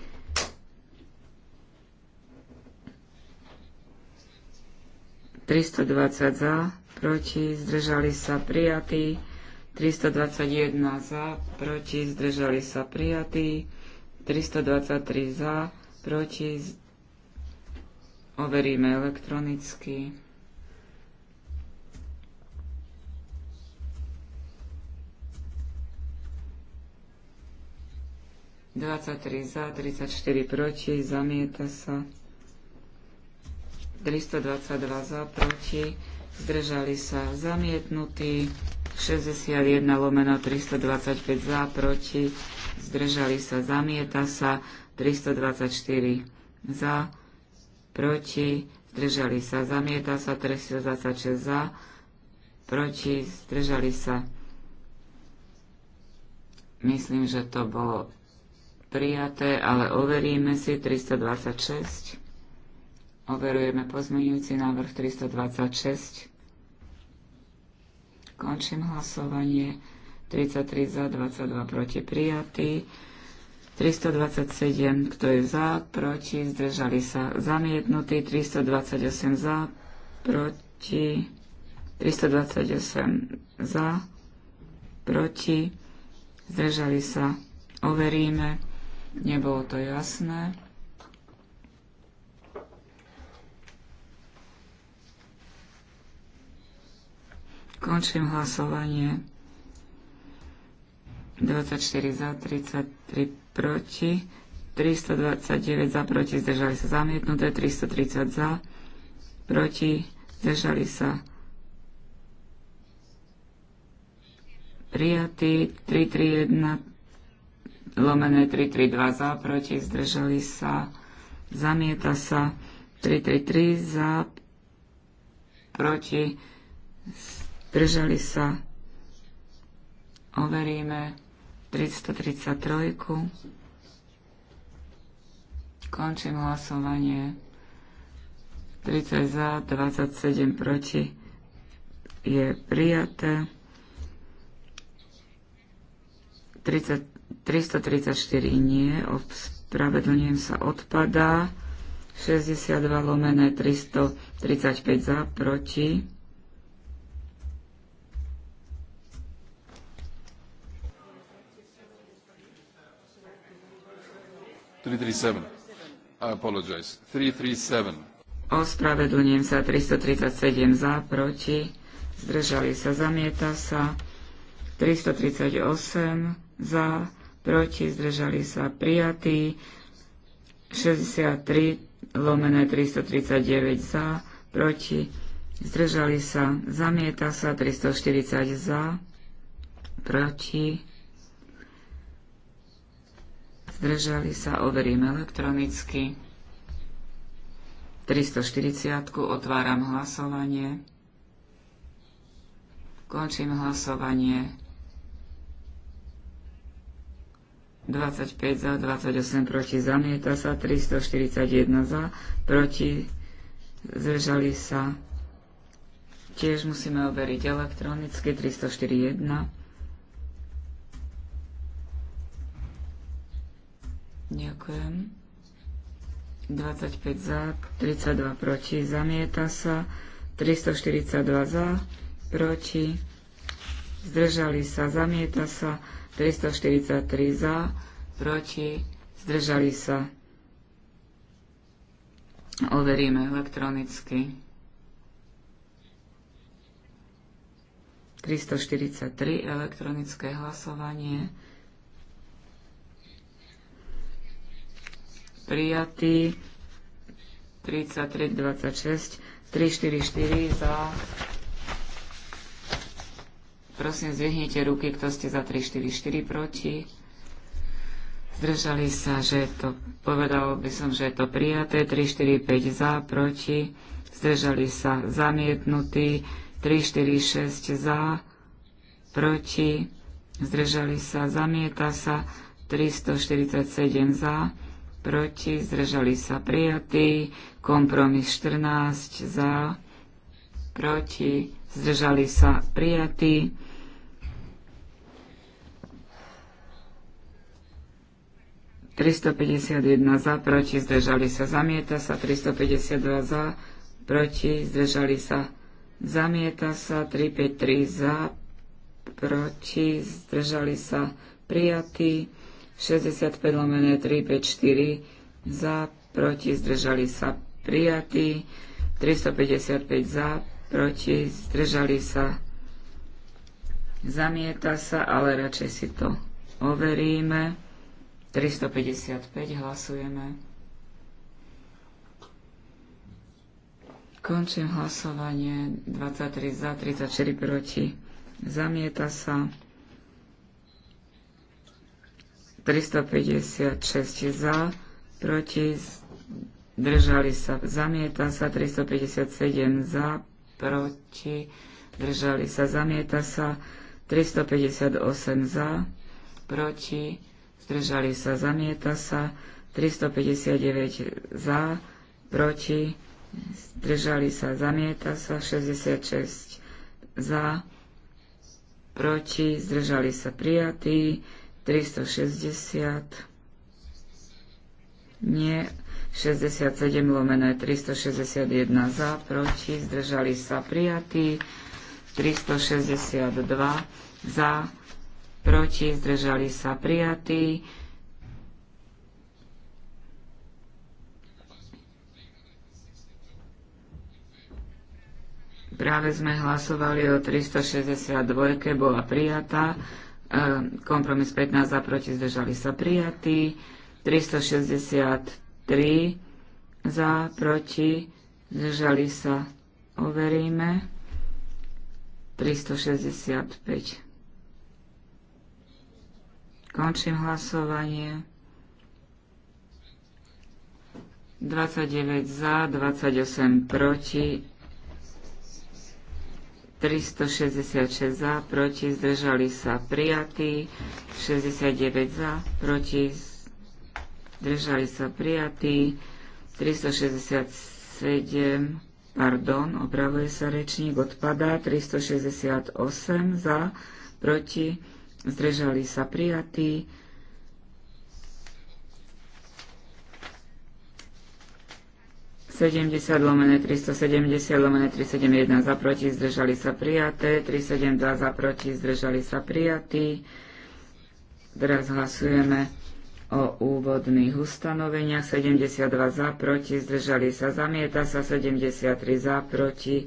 Tristo dvadsať za, proti, zdržali sa prijatí. 321 za, proti, zdržali sa prijatí. 323 za, proti, overíme elektronicky. Dvadsaťtri za, 34 proti, zamieta sa. 322 za, proti, zdržali sa zamietnutí. 61 lomeno 325 za, proti, zdržali sa, zamieta sa, 324 za, proti, zdržali sa, zamieta sa, 326 za, proti, zdržali sa. Myslím, že to bolo prijaté, ale overíme si 326. Overujeme pozmeňujúci návrh 326. Končím hlasovanie. 33 za, 22 proti prijatý. 327, kto je za, proti, zdržali sa zamietnutí. 328 za, proti, 328 za, proti, zdržali sa, overíme, nebolo to jasné. Končím hlasovanie. 24 za, 33 proti, 329 za, proti, zdržali sa zamietnuté, 330 za, proti, zdržali sa prijatí, 331 lomené 332 za, proti, zdržali sa, zamieta sa, 333 za, proti, Držali sa. Overíme 333. Končím hlasovanie. 30 za, 27 proti je prijaté. 30, 334 nie, spravedlňujem sa, odpadá. 62 lomené 335 za, proti 337. Ospravedlňujem sa 337 za, proti, zdržali sa, zamieta sa, 338 za, proti, zdržali sa, prijatí, 63 lomené 339 za, proti, zdržali sa, zamieta sa, 340 za, proti, Zdržali sa, overím elektronicky. 340. Otváram hlasovanie. Končím hlasovanie. 25 za, 28 proti, zamieta sa, 341 za, proti, zdržali sa. Tiež musíme overiť elektronicky, 341. Ďakujem. 25 za, 32 proti, zamieta sa. 342 za, proti, zdržali sa, zamieta sa. 343 za, proti, zdržali sa. Overíme elektronicky. 343 elektronické hlasovanie. prijatý. 33, 26, 3, 4, 4 za. Prosím, zvihnite ruky, kto ste za 3, 4, 4 proti. Zdržali sa, že to, povedal by som, že je to prijaté, 3, 4, 5 za, proti. Zdržali sa, zamietnutý, 3, 4, 6 za, proti. Zdržali sa, zamieta sa, 347 za, proti, zdržali sa prijatí, kompromis 14 za, proti, zdržali sa prijatí. ...351 za, proti, zdržali sa, zamieta sa, 352 za, proti, zdržali sa, zamieta sa, 353 za, proti, zdržali sa, prijatí. 65 lomené 354 za, proti, zdržali sa prijatí, 355 za, proti, zdržali sa, zamieta sa, ale radšej si to overíme. 355 hlasujeme. Končím hlasovanie 23 za, 34 proti. Zamieta sa. 356 za, proti, držali sa, zamieta sa, 357 za, proti, držali sa, zamieta sa, 358 za, proti, zdržali sa, zamieta sa, 359 za, proti, zdržali sa, zamieta sa, 66 za, proti, zdržali sa, prijatí, 360 nie 67 lomené 361 za proti zdržali sa prijatí 362 za proti zdržali sa prijatí Práve sme hlasovali o 362, bola prijatá kompromis 15 za proti zdržali sa prijatí, 363 za proti zdržali sa overíme, 365. Končím hlasovanie. 29 za, 28 proti, 366 za, proti, zdržali sa prijatí, 69 za, proti, zdržali sa prijatí, 367, pardon, opravuje sa rečník, odpadá, 368 za, proti, zdržali sa prijatí, 70 lomené 370 lomené 371 za proti zdržali sa prijaté, 372 za proti zdržali sa prijatí. Teraz hlasujeme o úvodných ustanoveniach 72 za proti zdržali sa zamieta sa 73 za proti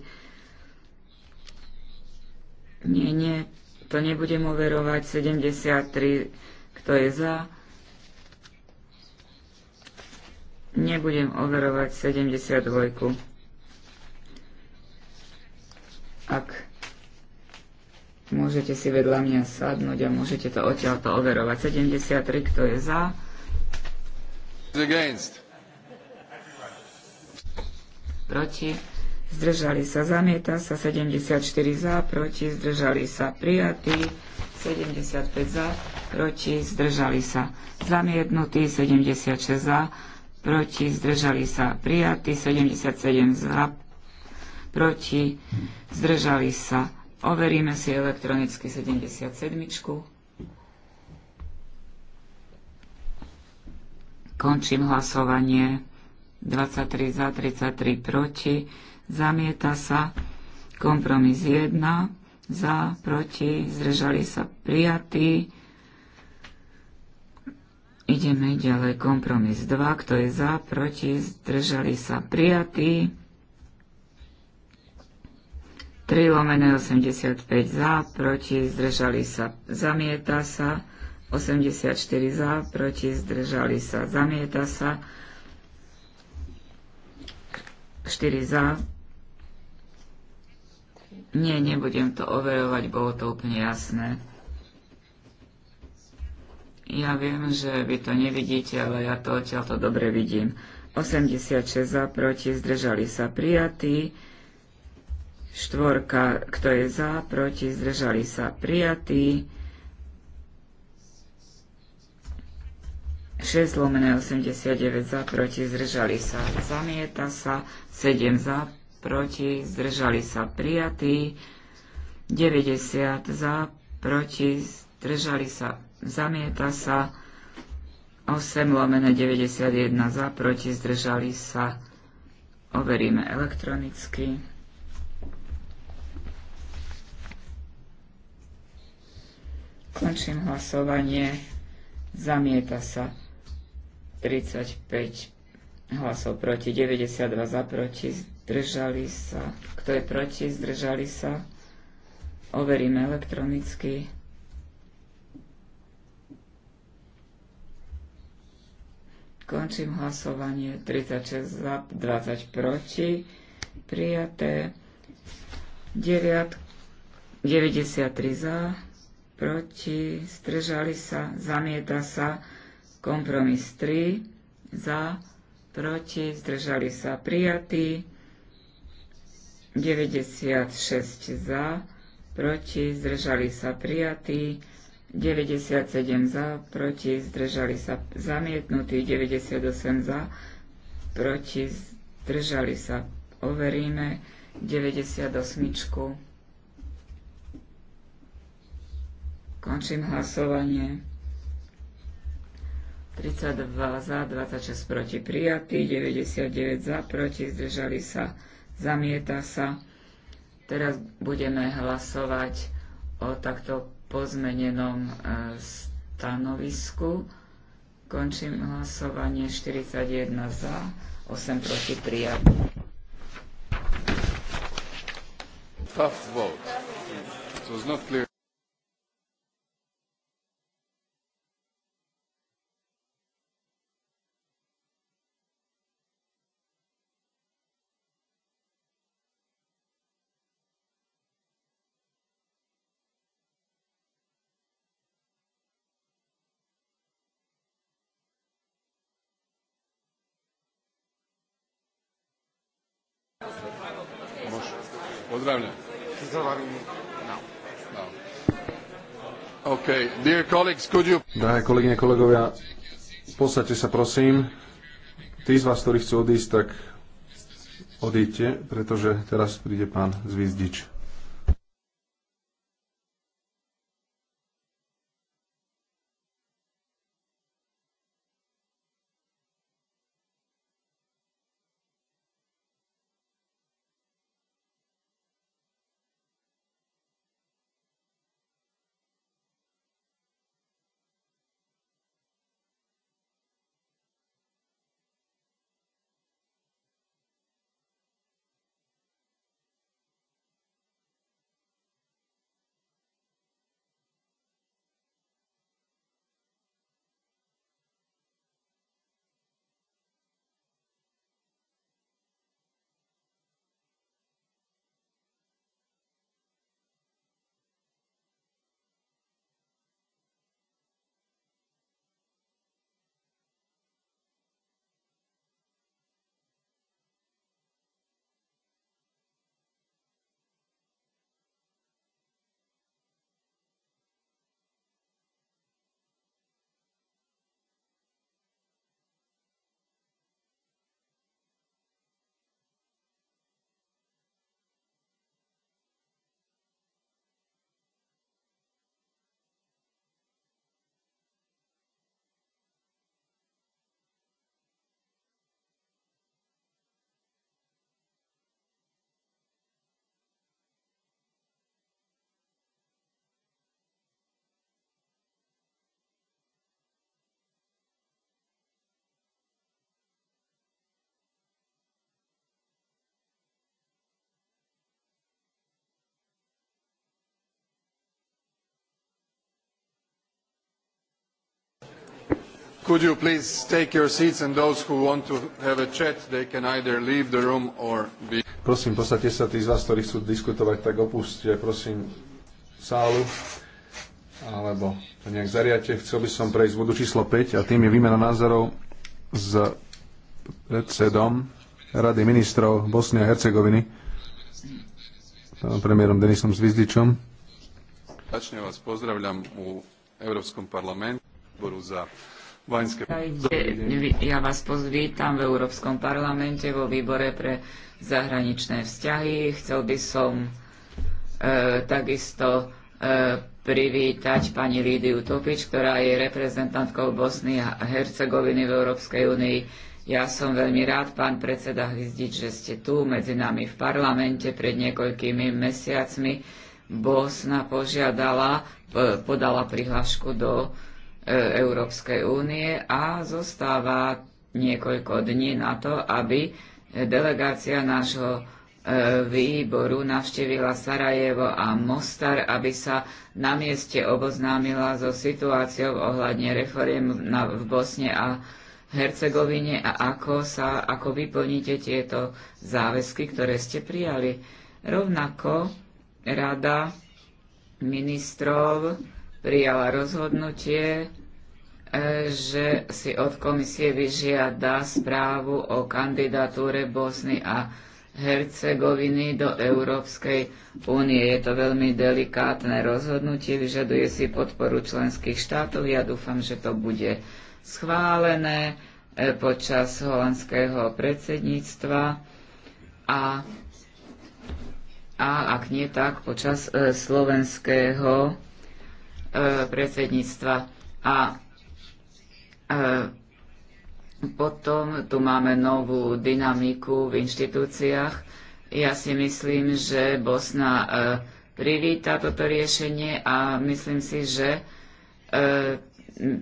nie, nie, to nebudem overovať 73 kto je za Nebudem overovať 72. Ak môžete si vedľa mňa sadnúť a môžete to odtiaľto overovať. 73, kto je za? Against. Proti. Zdržali sa, zamieta sa. 74 za, proti. Zdržali sa, prijatí. 75 za, proti. Zdržali sa, zamietnutí. 76 za, proti, zdržali sa prijatí, 77 za, proti, zdržali sa. Overíme si elektronicky 77. Končím hlasovanie. 23 za, 33 proti. Zamieta sa. Kompromis 1 za, proti, zdržali sa prijatí. Ideme ďalej. Kompromis 2. Kto je za, proti, zdržali sa prijatí. 3 lomené 85 za, proti, zdržali sa, zamieta sa. 84 za, proti, zdržali sa, zamieta sa. 4 za. Nie, nebudem to overovať, bolo to úplne jasné. Ja viem, že vy to nevidíte, ale ja to odtiaľ to dobre vidím. 86 za, proti, zdržali sa prijatí. Štvorka, kto je za, proti, zdržali sa prijatí. 6 lomené 89 za, proti, zdržali sa, zamieta sa. 7 za, proti, zdržali sa prijatí. 90 za, proti, zdržali sa zamieta sa 8 lomeno 91 za, proti zdržali sa, overíme elektronicky. Končím hlasovanie, zamieta sa 35 hlasov proti, 92 za proti, zdržali sa. Kto je proti, zdržali sa? Overíme elektronicky. Končím hlasovanie 36 za, 20 proti, prijaté 9, 93 za, proti, stržali sa, zamieta sa, kompromis 3 za, proti, zdržali sa prijatí, 96 za, proti, zdržali sa prijatí, 97 za, proti, zdržali sa zamietnutí, 98 za, proti, zdržali sa. Overíme 98. Končím hlasovanie. 32 za, 26 proti prijatí, 99 za, proti, zdržali sa, zamieta sa. Teraz budeme hlasovať o takto pozmenenom e, stanovisku. Končím hlasovanie 41 za, 8 proti prijatí. Tough vote. It was not clear. Pozdravňa. No. no. Dear colleagues, could you... Drahé kolegyne, kolegovia, posaďte sa prosím. Tí z vás, ktorí chcú odísť, tak odíďte, pretože teraz príde pán Zvizdič. Could you please take your seats and those who want to have a chat, they can either leave the room or be... Prosím, posadte sa tí z vás, ktorí chcú diskutovať, tak opustite, prosím, sálu alebo to nejak zariate. Chcel by som prejsť vodu číslo 5 a tým je výmena názorov s predsedom Rady ministrov Bosny a Hercegoviny, premiérom Denisom Zvizdičom. Začne vás pozdravľam u Európskom parlamentu, výboru za ja vás pozvítam v Európskom parlamente vo výbore pre zahraničné vzťahy. Chcel by som e, takisto e, privítať pani Lídiu Topič, ktorá je reprezentantkou Bosny a Hercegoviny v Európskej únii. Ja som veľmi rád, pán predseda Hvizdič, že ste tu medzi nami v parlamente pred niekoľkými mesiacmi. Bosna požiadala, podala prihlášku do E, Európskej únie a zostáva niekoľko dní na to, aby delegácia nášho e, výboru navštívila Sarajevo a Mostar, aby sa na mieste oboznámila so situáciou ohľadne reforiem v Bosne a Hercegovine a ako, sa, ako vyplníte tieto záväzky, ktoré ste prijali. Rovnako Rada ministrov prijala rozhodnutie že si od komisie vyžiada správu o kandidatúre Bosny a Hercegoviny do Európskej únie. Je to veľmi delikátne rozhodnutie, vyžaduje si podporu členských štátov. Ja dúfam, že to bude schválené e, počas holandského predsedníctva a, a ak nie tak, počas e, slovenského e, predsedníctva. A E, potom tu máme novú dynamiku v inštitúciách. Ja si myslím, že Bosna e, privíta toto riešenie a myslím si, že e,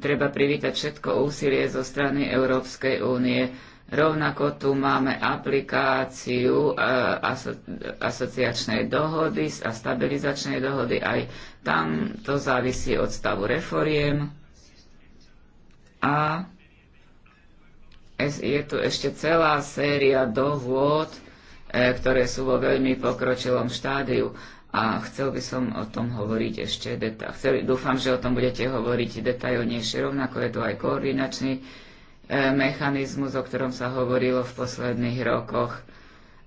treba privítať všetko úsilie zo strany Európskej únie. Rovnako tu máme aplikáciu aso- asociačnej dohody a stabilizačnej dohody. Aj tam to závisí od stavu reforiem a je tu ešte celá séria dohôd, e, ktoré sú vo veľmi pokročilom štádiu a chcel by som o tom hovoriť ešte. Deta- chcel, dúfam, že o tom budete hovoriť detailnejšie. Rovnako je tu aj koordinačný e, mechanizmus, o ktorom sa hovorilo v posledných rokoch.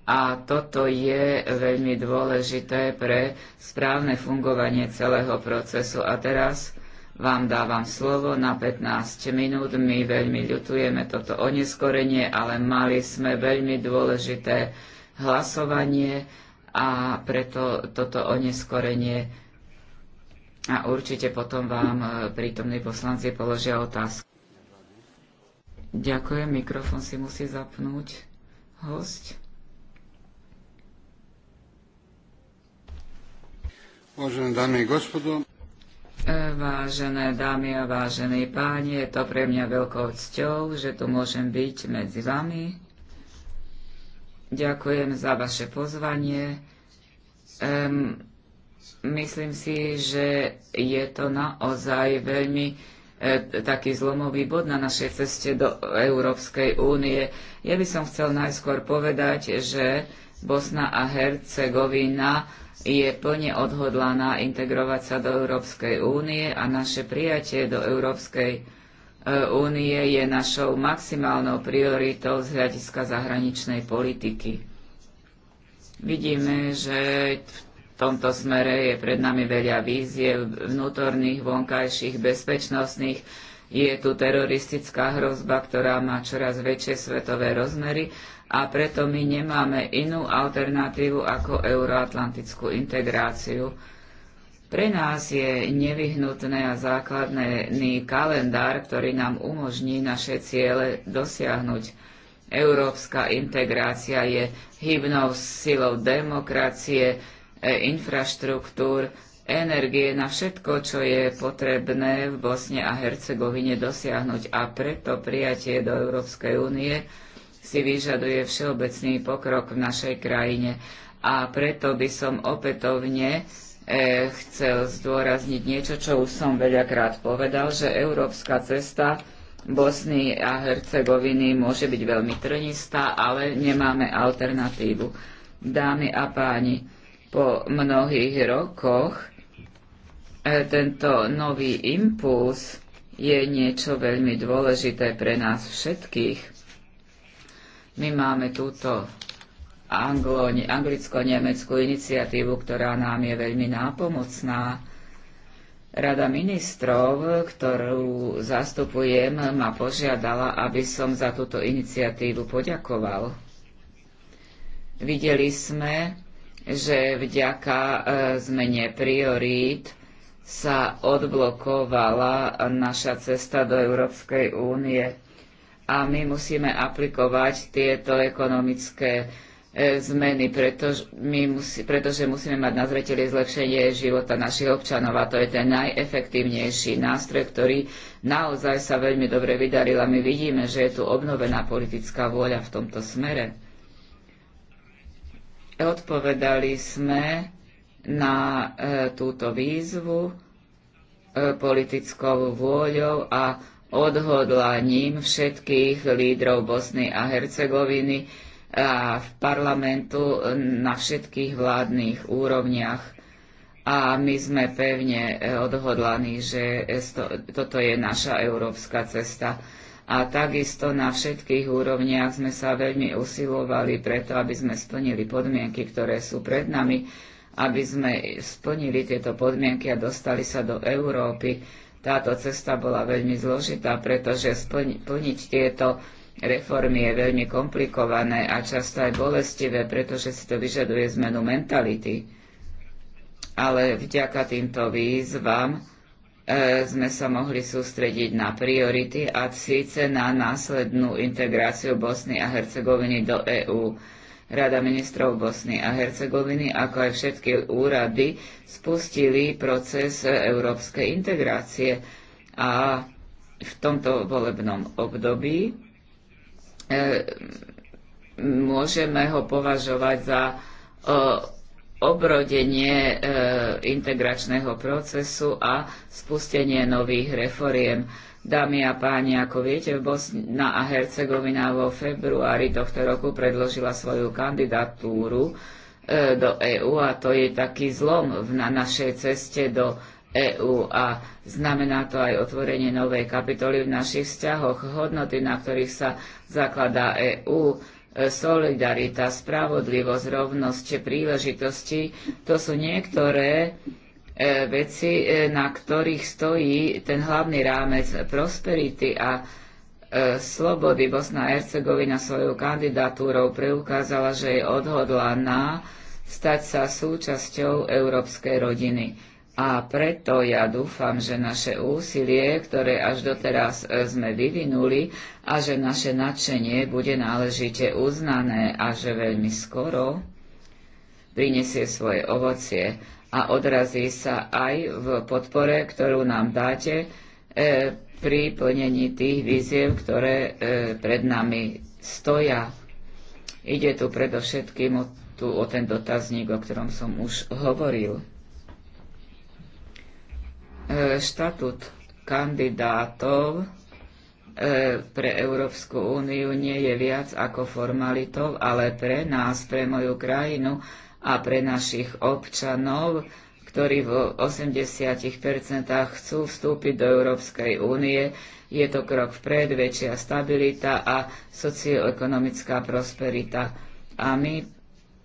A toto je veľmi dôležité pre správne fungovanie celého procesu. A teraz vám dávam slovo na 15 minút. My veľmi ľutujeme toto oneskorenie, ale mali sme veľmi dôležité hlasovanie a preto toto oneskorenie a určite potom vám e, prítomní poslanci položia otázku. Ďakujem, mikrofón si musí zapnúť host. Vážené dámy a gospodo, Vážené dámy a vážení páni, je to pre mňa veľkou cťou, že tu môžem byť medzi vami. Ďakujem za vaše pozvanie. Um, myslím si, že je to naozaj veľmi e, taký zlomový bod na našej ceste do Európskej únie. Ja by som chcel najskôr povedať, že Bosna a Hercegovina je plne odhodlaná integrovať sa do Európskej únie a naše prijatie do Európskej e, únie je našou maximálnou prioritou z hľadiska zahraničnej politiky. Vidíme, že v tomto smere je pred nami veľa víziev vnútorných, vonkajších, bezpečnostných. Je tu teroristická hrozba, ktorá má čoraz väčšie svetové rozmery a preto my nemáme inú alternatívu ako euroatlantickú integráciu. Pre nás je nevyhnutné a základný kalendár, ktorý nám umožní naše ciele dosiahnuť. Európska integrácia je hybnou silou demokracie, e, infraštruktúr, energie na všetko, čo je potrebné v Bosne a Hercegovine dosiahnuť. A preto prijatie do Európskej únie si vyžaduje všeobecný pokrok v našej krajine. A preto by som opätovne e, chcel zdôrazniť niečo, čo už som veľakrát povedal, že európska cesta Bosny a Hercegoviny môže byť veľmi trnistá, ale nemáme alternatívu. Dámy a páni, po mnohých rokoch e, tento nový impuls je niečo veľmi dôležité pre nás všetkých my máme túto anglo, anglicko-nemeckú iniciatívu, ktorá nám je veľmi nápomocná. Rada ministrov, ktorú zastupujem, ma požiadala, aby som za túto iniciatívu poďakoval. Videli sme, že vďaka e, zmene priorít sa odblokovala naša cesta do Európskej únie a my musíme aplikovať tieto ekonomické e, zmeny, pretože, my musí, pretože musíme mať na zreteli zlepšenie života našich občanov a to je ten najefektívnejší nástroj, ktorý naozaj sa veľmi dobre vydaril a my vidíme, že je tu obnovená politická vôľa v tomto smere. Odpovedali sme na e, túto výzvu e, politickou vôľou a odhodlaním všetkých lídrov Bosny a Hercegoviny a v parlamentu na všetkých vládnych úrovniach. A my sme pevne e, odhodlaní, že toto je naša európska cesta. A takisto na všetkých úrovniach sme sa veľmi usilovali preto, aby sme splnili podmienky, ktoré sú pred nami, aby sme splnili tieto podmienky a dostali sa do Európy táto cesta bola veľmi zložitá, pretože splni, plniť tieto reformy je veľmi komplikované a často aj bolestivé, pretože si to vyžaduje zmenu mentality. Ale vďaka týmto výzvam e, sme sa mohli sústrediť na priority a síce na následnú integráciu Bosny a Hercegoviny do EÚ. Rada ministrov Bosny a Hercegoviny, ako aj všetky úrady, spustili proces európskej integrácie. A v tomto volebnom období e, môžeme ho považovať za e, obrodenie e, integračného procesu a spustenie nových reforiem. Dámy a páni, ako viete, Bosna a Hercegovina vo februári tohto roku predložila svoju kandidatúru e, do EÚ a to je taký zlom na našej ceste do EÚ a znamená to aj otvorenie novej kapitoly v našich vzťahoch, hodnoty, na ktorých sa zakladá EÚ, e, solidarita, spravodlivosť, rovnosť, príležitosti. To sú niektoré E, veci, e, na ktorých stojí ten hlavný rámec prosperity a e, slobody. Bosna a Hercegovina svojou kandidatúrou preukázala, že je odhodlaná stať sa súčasťou európskej rodiny. A preto ja dúfam, že naše úsilie, ktoré až doteraz sme vyvinuli a že naše nadšenie bude náležite uznané a že veľmi skoro prinesie svoje ovocie a odrazí sa aj v podpore, ktorú nám dáte e, pri plnení tých víziev, ktoré e, pred nami stoja. Ide tu predovšetkým o, tu, o ten dotazník, o ktorom som už hovoril. E, štatút kandidátov e, pre Európsku úniu nie je viac ako formalitou, ale pre nás, pre moju krajinu, a pre našich občanov, ktorí v 80% chcú vstúpiť do Európskej únie, je to krok vpred, väčšia stabilita a socioekonomická prosperita. A my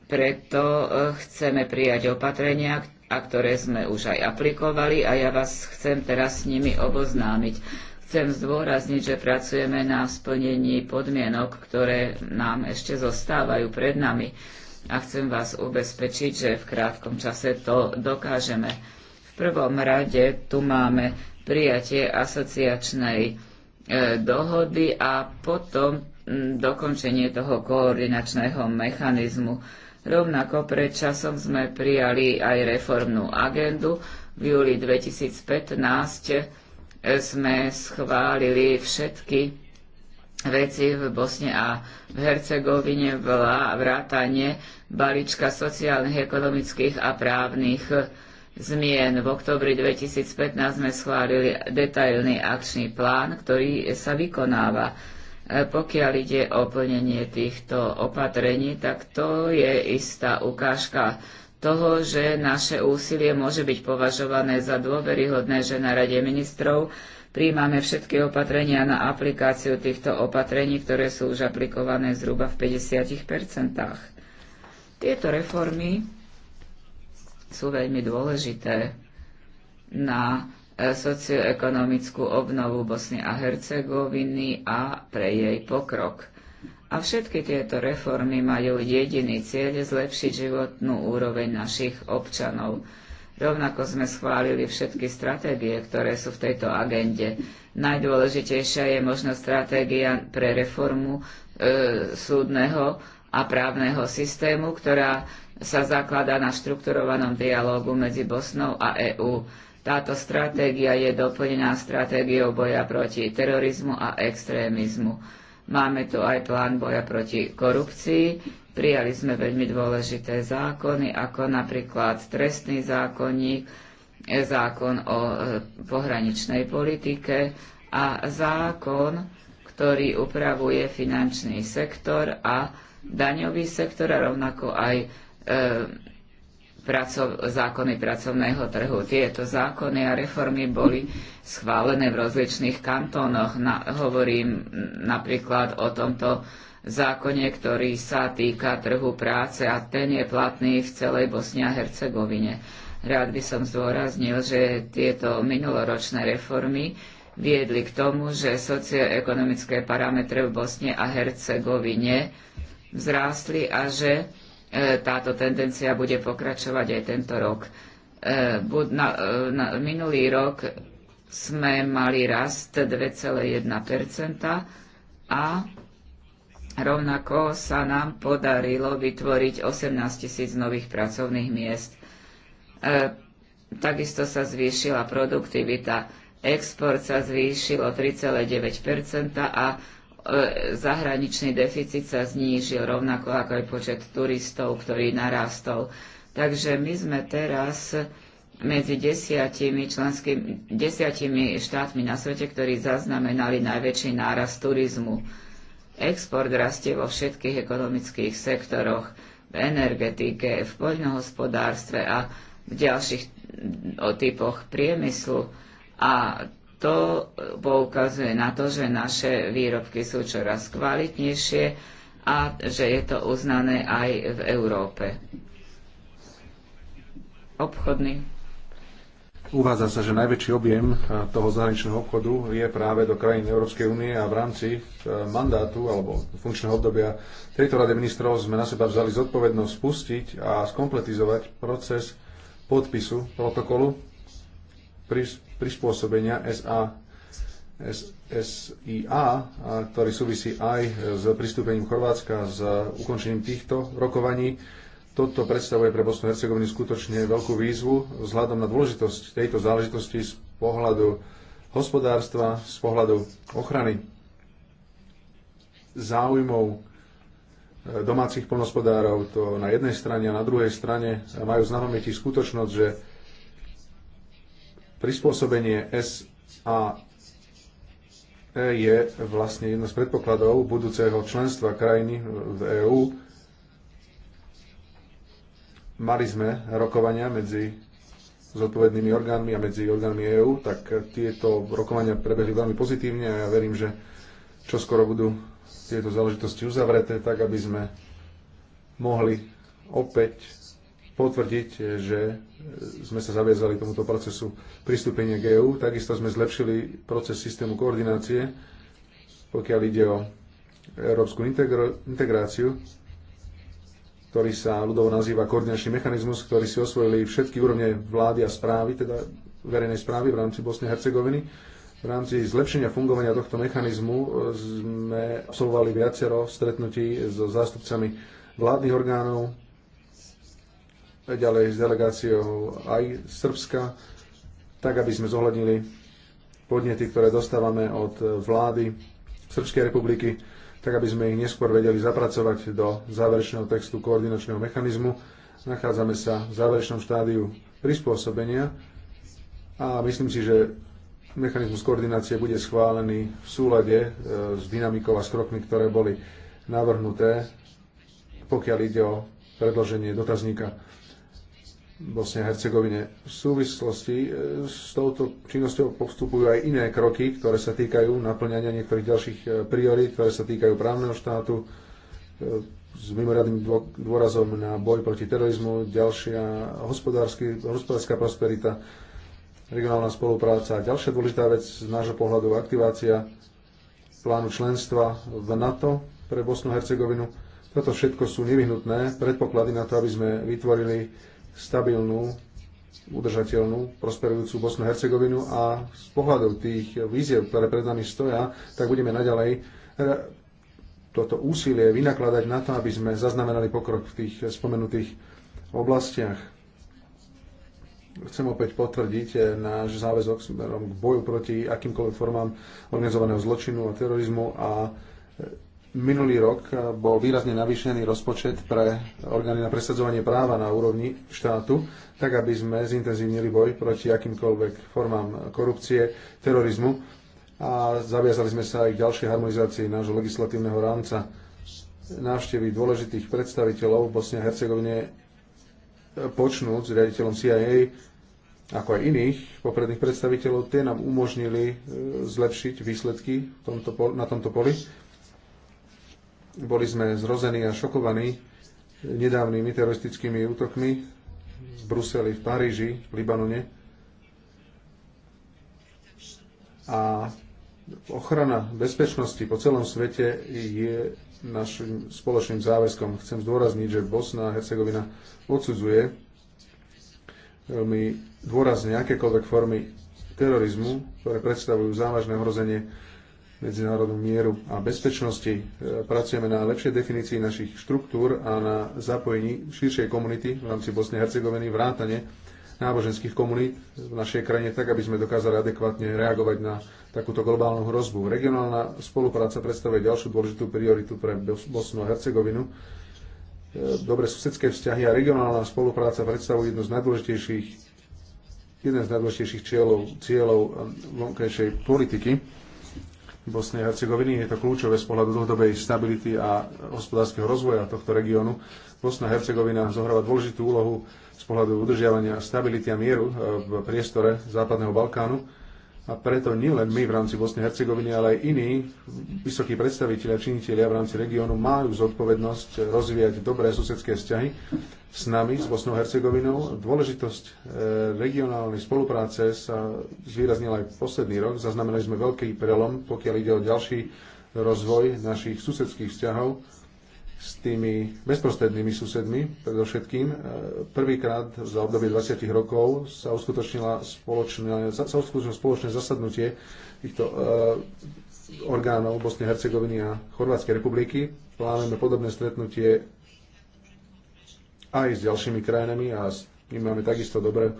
preto e, chceme prijať opatrenia, a ktoré sme už aj aplikovali a ja vás chcem teraz s nimi oboznámiť. Chcem zdôrazniť, že pracujeme na splnení podmienok, ktoré nám ešte zostávajú pred nami a chcem vás ubezpečiť, že v krátkom čase to dokážeme. V prvom rade tu máme prijatie asociačnej e, dohody a potom dokončenie toho koordinačného mechanizmu. Rovnako pred časom sme prijali aj reformnú agendu. V júli 2015 e, sme schválili všetky veci v Bosne a v Hercegovine vrátane balíčka sociálnych, ekonomických a právnych zmien. V oktobri 2015 sme schválili detailný akčný plán, ktorý sa vykonáva. E, pokiaľ ide o plnenie týchto opatrení, tak to je istá ukážka toho, že naše úsilie môže byť považované za dôveryhodné, že na Rade ministrov Príjmame všetky opatrenia na aplikáciu týchto opatrení, ktoré sú už aplikované zhruba v 50 Tieto reformy sú veľmi dôležité na e, socioekonomickú obnovu Bosny a Hercegoviny a pre jej pokrok. A všetky tieto reformy majú jediný cieľ zlepšiť životnú úroveň našich občanov. Rovnako sme schválili všetky stratégie, ktoré sú v tejto agende. Najdôležitejšia je možno stratégia pre reformu e, súdneho a právneho systému, ktorá sa zakladá na štrukturovanom dialógu medzi Bosnou a EÚ. Táto stratégia je doplnená stratégiou boja proti terorizmu a extrémizmu. Máme tu aj plán boja proti korupcii, Prijali sme veľmi dôležité zákony, ako napríklad trestný zákonník, e, zákon o e, pohraničnej politike a zákon, ktorý upravuje finančný sektor a daňový sektor a rovnako aj e, pracov, zákony pracovného trhu. Tieto zákony a reformy boli schválené v rozličných kantónoch. Na, hovorím napríklad o tomto zákone, ktorý sa týka trhu práce a ten je platný v celej Bosne a Hercegovine. Rád by som zdôraznil, že tieto minuloročné reformy viedli k tomu, že socioekonomické parametre v Bosne a Hercegovine vzrástli a že e, táto tendencia bude pokračovať aj tento rok. E, bud, na, e, na, minulý rok sme mali rast 2,1 a Rovnako sa nám podarilo vytvoriť 18 tisíc nových pracovných miest. E, takisto sa zvýšila produktivita. Export sa zvýšil o 3,9 a e, zahraničný deficit sa znížil, rovnako ako aj počet turistov, ktorý narastol. Takže my sme teraz medzi desiatimi, desiatimi štátmi na svete, ktorí zaznamenali najväčší nárast turizmu Export rastie vo všetkých ekonomických sektoroch, v energetike, v poľnohospodárstve a v ďalších mm, typoch priemyslu. A to poukazuje na to, že naše výrobky sú čoraz kvalitnejšie a že je to uznané aj v Európe. Obchodný Uvádza sa, že najväčší objem eh, toho zahraničného obchodu je práve do krajín Európskej únie a v rámci eh, mandátu alebo funkčného obdobia tejto rady ministrov sme na seba vzali zodpovednosť spustiť a skompletizovať proces podpisu protokolu prispôsobenia SA, SIA, eh, ktorý súvisí aj s pristúpením Chorvátska, s ukončením týchto rokovaní toto predstavuje pre Bosnu Hercegovinu skutočne veľkú výzvu vzhľadom na dôležitosť tejto záležitosti z pohľadu hospodárstva, z pohľadu ochrany záujmov eh, domácich plnospodárov To na jednej strane a na druhej strane majú znapamätí skutočnosť, že prispôsobenie SA e je vlastne jedno z predpokladov budúceho členstva krajiny v EÚ mali sme rokovania medzi zodpovednými orgánmi a medzi orgánmi EÚ, tak tieto rokovania prebehli veľmi pozitívne a ja verím, že čo skoro budú tieto záležitosti uzavreté, tak aby sme mohli opäť potvrdiť, že sme sa zaviazali tomuto procesu pristúpenia k EU. Takisto sme zlepšili proces systému koordinácie, pokiaľ ide o európsku integráciu ktorý sa ľudovo nazýva koordinačný mechanizmus, ktorý si osvojili všetky úrovne vlády a správy, teda verejnej správy v rámci Bosnej a Hercegoviny. V rámci zlepšenia fungovania tohto mechanizmu e, sme absolvovali viacero stretnutí so zástupcami vládnych orgánov, ďalej s delegáciou aj Srbska, tak aby sme zohľadnili podnety, ktoré dostávame od vlády Srbskej republiky tak aby sme ich neskôr vedeli zapracovať do záverečného textu koordinačného mechanizmu. Nachádzame sa v záverečnom štádiu prispôsobenia a myslím si, že mechanizmus koordinácie bude schválený v súlade e, s dynamikou a s krokmi, ktoré boli navrhnuté, pokiaľ ide o predloženie dotazníka Bosne a Hercegovine. V súvislosti e, s touto činnosťou postupujú aj iné kroky, ktoré sa týkajú naplňania niektorých ďalších e, priorít, ktoré sa týkajú právneho štátu, e, s mimoriadným dôrazom na boj proti terorizmu, ďalšia hospodárska prosperita, regionálna spolupráca a ďalšia dôležitá vec z nášho pohľadu aktivácia plánu členstva v NATO pre Bosnu a Hercegovinu. Toto všetko sú nevyhnutné predpoklady na to, aby sme vytvorili stabilnú, udržateľnú, prosperujúcu Bosnu Hercegovinu a z pohľadu tých víziev, ktoré pred nami stoja, tak budeme naďalej e, toto úsilie vynakladať na to, aby sme zaznamenali pokrok v tých spomenutých oblastiach. Chcem opäť potvrdiť e, náš záväzok smerom k boju proti akýmkoľvek formám organizovaného zločinu a terorizmu a Minulý rok eh, bol výrazne navýšený rozpočet pre orgány na presadzovanie práva na úrovni štátu, tak aby sme zintenzívnili boj proti akýmkoľvek formám korupcie, terorizmu a zaviazali sme sa aj k ďalšej harmonizácii nášho legislatívneho rámca. Návštevy dôležitých predstaviteľov v Bosne a Hercegovine eh, počnúť s riaditeľom CIA, ako aj iných popredných predstaviteľov, tie nám umožnili eh, zlepšiť výsledky tomto, na tomto poli boli sme zrození a šokovaní nedávnymi teroristickými útokmi v Bruseli, v Paríži, v Libanone. A ochrana bezpečnosti po celom svete je našim spoločným záväzkom. Chcem zdôrazniť, že Bosna a Hercegovina odsudzuje veľmi dôrazne akékoľvek formy terorizmu, ktoré predstavujú závažné hrozenie medzinárodnú mieru a bezpečnosti. E, pracujeme na lepšej definícii našich štruktúr a na zapojení širšej komunity v rámci Bosnej a Hercegoviny, vrátane náboženských komunít v našej krajine, tak aby sme dokázali adekvátne reagovať na takúto globálnu hrozbu. Regionálna spolupráca predstavuje ďalšiu dôležitú prioritu pre Bosnu a Hercegovinu. E, dobre susedské vzťahy a regionálna spolupráca predstavujú jednu z najdôležitejších jeden z najdôležitejších cieľov, cieľov e, vonkajšej politiky Bosnej a Hercegoviny. Je to kľúčové z pohľadu dlhodobej stability a hospodárskeho rozvoja tohto regiónu. Bosna a Hercegovina zohráva dôležitú úlohu z pohľadu udržiavania stability a mieru e, v priestore Západného Balkánu. A preto nielen my v rámci Bosny a Hercegoviny, ale aj iní vysokí predstavitelia, činitelia v rámci regiónu majú zodpovednosť rozvíjať dobré susedské vzťahy s nami, s Bosnou Hercegovinou. Dôležitosť e, regionálnej spolupráce sa zvýraznila aj posledný rok. Zaznamenali sme veľký prelom, pokiaľ ide o ďalší rozvoj našich susedských vzťahov s tými bezprostrednými susedmi predovšetkým. E, prvýkrát za obdobie 20 rokov sa uskutočnilo spoločné, sa uskutočnilo spoločné zasadnutie týchto e, orgánov Bosnej Hercegoviny a Chorvátskej republiky. Plánujeme podobné stretnutie aj s ďalšími krajinami a my máme takisto dobré,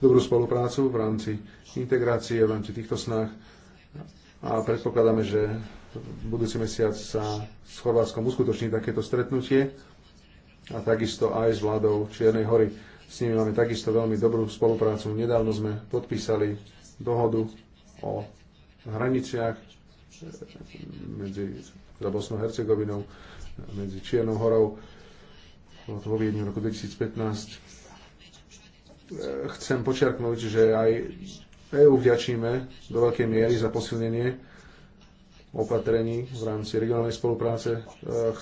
dobrú spoluprácu v rámci integrácie, v rámci týchto snách a predpokladáme, že budúci mesiac sa s Chorvátskom uskutoční takéto stretnutie a takisto aj s vládou Čiernej hory. S nimi máme takisto veľmi dobrú spoluprácu. Nedávno sme podpísali dohodu o hraniciach eh, medzi teda Bosnou Hercegovinou, medzi Čiernou horou vo Viedni v roku 2015. E, chcem počiarknúť, že aj EU vďačíme do veľkej miery za posilnenie opatrení v rámci regionálnej spolupráce. E,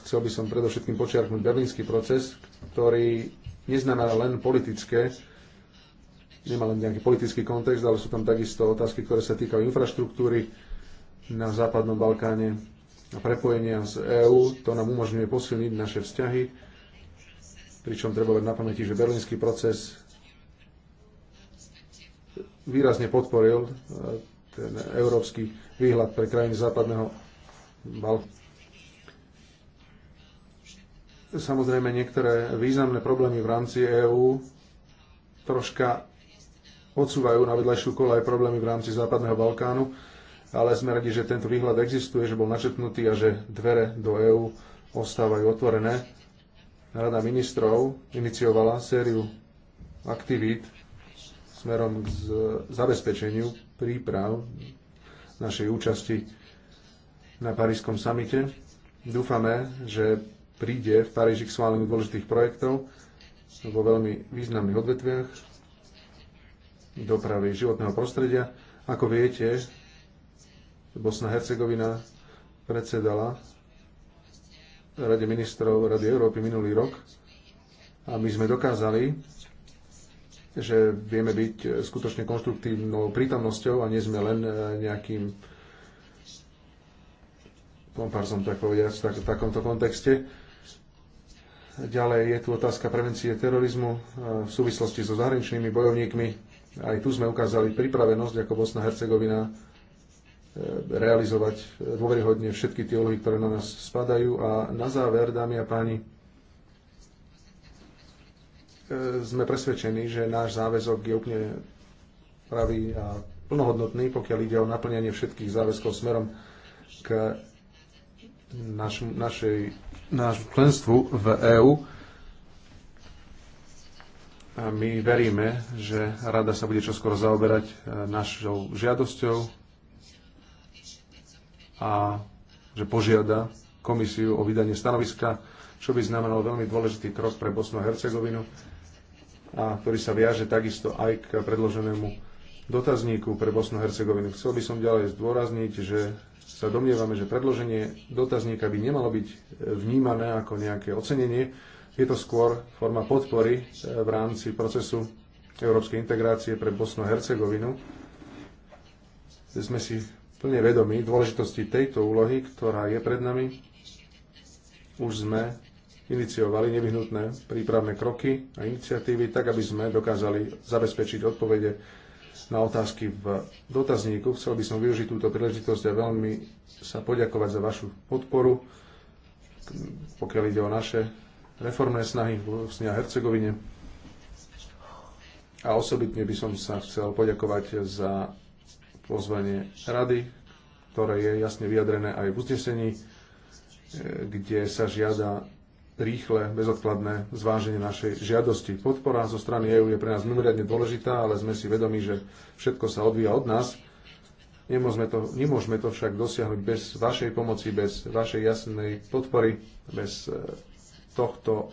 chcel by som predovšetkým počiarknúť berlínsky proces, ktorý neznamená len politické, nemá len nejaký politický kontext, ale sú tam takisto otázky, ktoré sa týkajú infraštruktúry na Západnom Balkáne a prepojenia z EÚ. To nám umožňuje posilniť naše vzťahy pričom treba mať na pamäti, že berlínsky proces výrazne podporil e, ten európsky výhľad pre krajiny západného Balkánu. Samozrejme, niektoré významné problémy v rámci EÚ troška odsúvajú na vedľajšiu kola aj problémy v rámci západného Balkánu, ale sme radi, že tento výhľad existuje, že bol načetnutý a že dvere do EÚ ostávajú otvorené Rada ministrov iniciovala sériu aktivít smerom k zabezpečeniu príprav našej účasti na Parískom samite. Dúfame, že príde v Paríži k schváleniu dôležitých projektov vo veľmi významných odvetviach dopravy životného prostredia. Ako viete, Bosna Hercegovina predsedala Rade ministrov Rady Európy minulý rok a my sme dokázali, že vieme byť skutočne konštruktívnou prítomnosťou a nie sme len eh, nejakým no, pompárzom, tak povediať, tak, v takomto kontexte. Ďalej je tu otázka prevencie terorizmu eh, v súvislosti so zahraničnými bojovníkmi. Aj tu sme ukázali pripravenosť ako Bosna Hercegovina E, realizovať e, dôveryhodne všetky tie úlohy, ktoré na nás spadajú. A na záver, dámy a páni, e, sme presvedčení, že náš záväzok je úplne pravý a plnohodnotný, pokiaľ ide o naplňanie všetkých záväzkov smerom k naš, našej, náš členstvu v EÚ. A my veríme, že rada sa bude čoskoro zaoberať našou žiadosťou, a že požiada komisiu o vydanie stanoviska, čo by znamenalo veľmi dôležitý krok pre Bosnu a Hercegovinu, a ktorý sa viaže takisto aj k predloženému dotazníku pre Bosnu a Hercegovinu. Chcel by som ďalej zdôrazniť, že sa domnievame, že predloženie dotazníka by nemalo byť e, vnímané ako nejaké ocenenie. Je to skôr forma podpory e, v rámci procesu európskej integrácie pre Bosnu a Hercegovinu. Sme si plne vedomí dôležitosti tejto úlohy, ktorá je pred nami. Už sme iniciovali nevyhnutné prípravné kroky a iniciatívy, tak aby sme dokázali zabezpečiť odpovede na otázky v dotazníku. Chcel by som využiť túto príležitosť a veľmi sa poďakovať za vašu podporu, pokiaľ ide o naše reformné snahy v Bosne a Hercegovine. A osobitne by som sa chcel poďakovať za pozvanie rady, ktoré je jasne vyjadrené aj v uznesení, e, kde sa žiada rýchle, bezodkladné zváženie našej žiadosti. Podpora zo strany EÚ je pre nás mimoriadne dôležitá, ale sme si vedomi, že všetko sa odvíja od nás. Nemôžeme to, nemôžeme to však dosiahnuť bez vašej pomoci, bez vašej jasnej podpory, bez e, tohto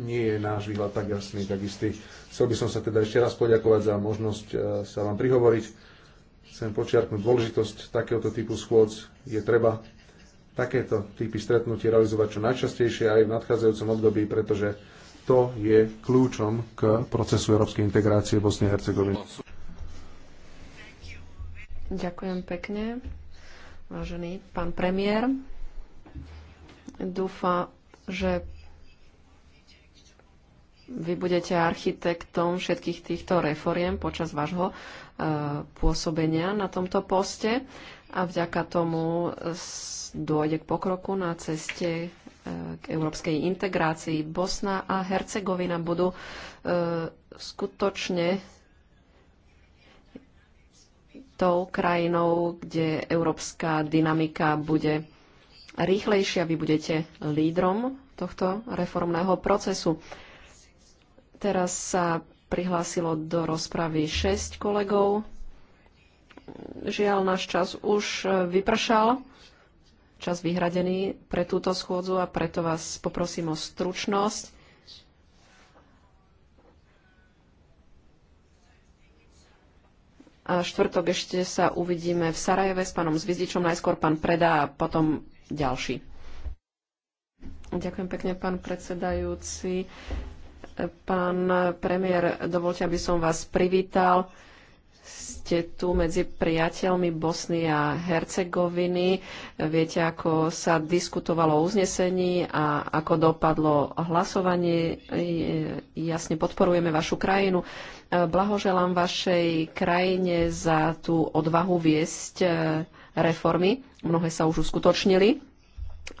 nie je náš výhľad tak jasný, tak istý. Chcel by som sa teda ešte raz poďakovať za možnosť e, sa vám prihovoriť Chcem počiarknúť dôležitosť takéhoto typu schôdz. Je treba takéto typy stretnutí realizovať čo najčastejšie aj v nadchádzajúcom období, pretože to je kľúčom k procesu európskej integrácie Bosnej a Hercegoviny. Ďakujem pekne, vážený pán premiér. Dúfam, že vy budete architektom všetkých týchto reforiem počas vášho pôsobenia na tomto poste a vďaka tomu dôjde k pokroku na ceste e, k európskej integrácii. Bosna a Hercegovina budú e, skutočne tou krajinou, kde európska dynamika bude rýchlejšia. Vy budete lídrom tohto reformného procesu. Teraz sa prihlásilo do rozpravy 6 kolegov. Žiaľ, náš čas už e, vypršal, čas vyhradený pre túto schôdzu a preto vás poprosím o stručnosť. A štvrtok ešte sa uvidíme v Sarajeve s pánom Zvizdičom, najskôr pán Preda a potom ďalší. Ďakujem pekne, pán predsedajúci. Pán premiér, dovolte, aby som vás privítal. Ste tu medzi priateľmi Bosny a Hercegoviny. Viete, ako sa diskutovalo o uznesení a ako dopadlo hlasovanie. Jasne podporujeme vašu krajinu. Blahoželám vašej krajine za tú odvahu viesť e, reformy. Mnohé sa už uskutočnili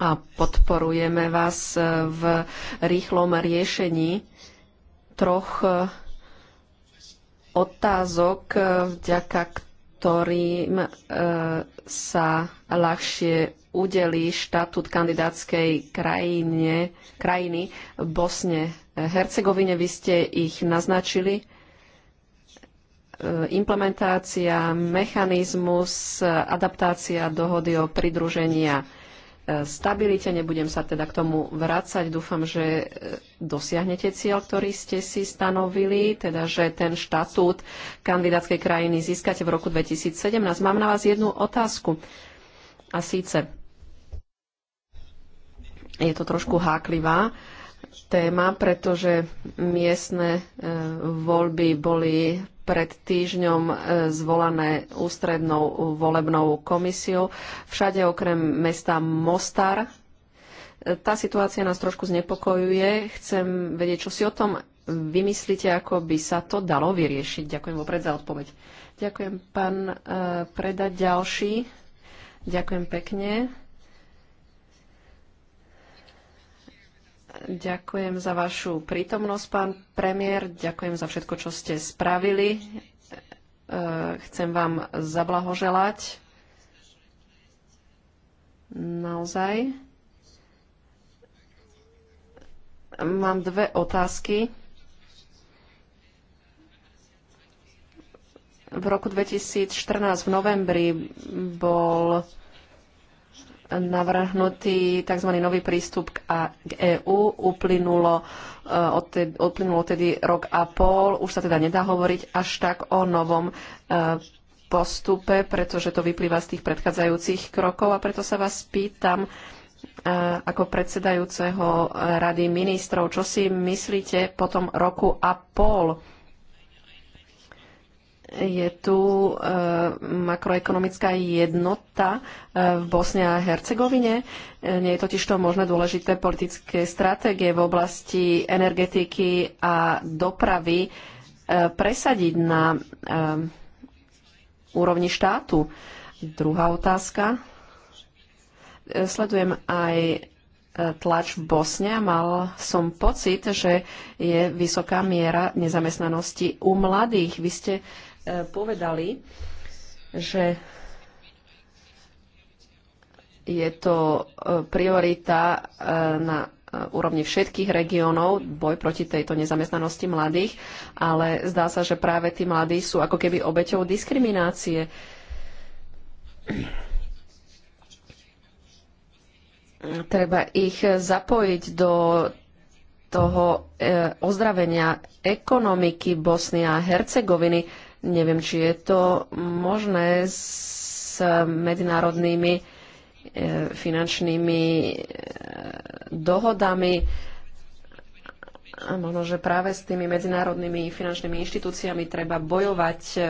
a podporujeme vás e, v rýchlom riešení troch eh, otázok, eh, vďaka ktorým eh, sa ľahšie udeli štatút kandidátskej krajine, krajiny Bosne Hercegovine. Vy ste ich naznačili. Implementácia, mechanizmus, adaptácia dohody o pridruženia stabilite. Nebudem sa teda k tomu vrácať. Dúfam, že e, dosiahnete cieľ, ktorý ste si stanovili, teda že ten štatút kandidátskej krajiny získate v roku 2017. Mám na vás jednu otázku. A síce, je to trošku háklivá téma, pretože miestne e, voľby boli pred týždňom e, zvolané ústrednou volebnou komisiou. Všade okrem mesta Mostar. E, tá situácia nás trošku znepokojuje. Chcem vedieť, čo si o tom vymyslíte, ako by sa to dalo vyriešiť. Ďakujem vopred za odpoveď. Ďakujem, pán e, Preda. Ďalší. Ďakujem pekne. Ďakujem za vašu prítomnosť, pán premiér. Ďakujem za všetko, čo ste spravili. E, chcem vám zablahoželať. Naozaj. Mám dve otázky. V roku 2014 v novembri bol navrhnutý tzv. nový prístup k, EÚ. Uplynulo, eh, odtedy, uplynulo tedy rok a pol. Už sa teda nedá hovoriť až tak o novom eh, postupe, pretože to vyplýva z tých predchádzajúcich krokov a preto sa vás pýtam, eh, ako predsedajúceho Rady ministrov, čo si myslíte po tom roku a pol? je tu eh, makroekonomická jednota eh, v Bosne a Hercegovine. Eh, nie je totiž to možné dôležité politické stratégie v oblasti energetiky a dopravy presadiť na úrovni štátu. Druhá otázka. Sledujem aj tlač v Bosne a mal som pocit, že je vysoká miera nezamestnanosti u mladých. Vy ste povedali, že je to e, priorita e, na e, úrovni všetkých regiónov, boj proti tejto nezamestnanosti mladých, ale zdá sa, že práve tí mladí sú ako keby obeťou diskriminácie. Treba ich zapojiť do toho ozdravenia ekonomiky Bosny a Hercegoviny Neviem, či je to možné s medzinárodnými e, finančnými e, dohodami. A možno, že práve s tými medzinárodnými finančnými inštitúciami treba bojovať e,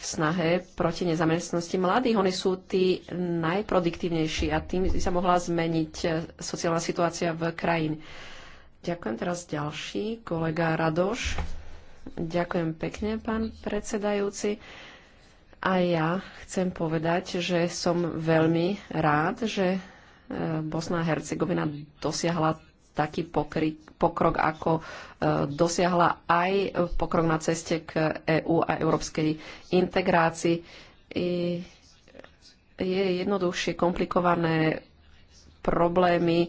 v snahe proti nezamestnosti mladých. Oni sú tí najproduktívnejší a tým by sa mohla zmeniť sociálna situácia v krajine. Ďakujem teraz ďalší, kolega Radoš. Ďakujem pekne, pán predsedajúci. A ja chcem povedať, že som veľmi rád, že e, Bosna a Hercegovina dosiahla taký pokrok, ako e, dosiahla aj pokrok na ceste k EÚ a európskej integrácii. I je jednoduchšie komplikované problémy e,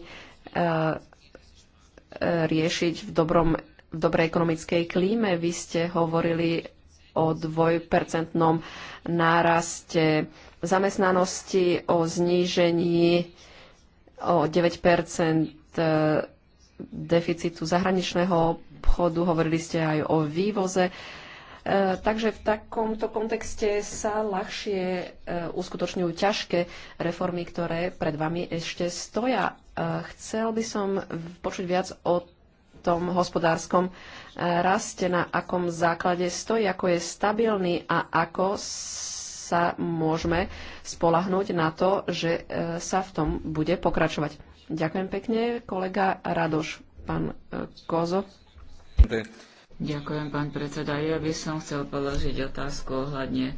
riešiť v dobrom v dobrej ekonomickej klíme. Vy ste hovorili o dvojpercentnom náraste zamestnanosti, o znížení o 9 e, deficitu zahraničného obchodu, hovorili ste aj o vývoze. E, takže v takomto kontexte sa ľahšie e, uskutočňujú ťažké reformy, ktoré pred vami ešte stoja. Chcel by som počuť viac o tom hospodárskom e, raste, na akom základe stojí, ako je stabilný a ako sa môžeme spolahnúť na to, že e, sa v tom bude pokračovať. Ďakujem pekne, kolega Radoš, pán e, Kozo. Ďakujem, pán predseda. Ja by som chcel položiť otázku ohľadne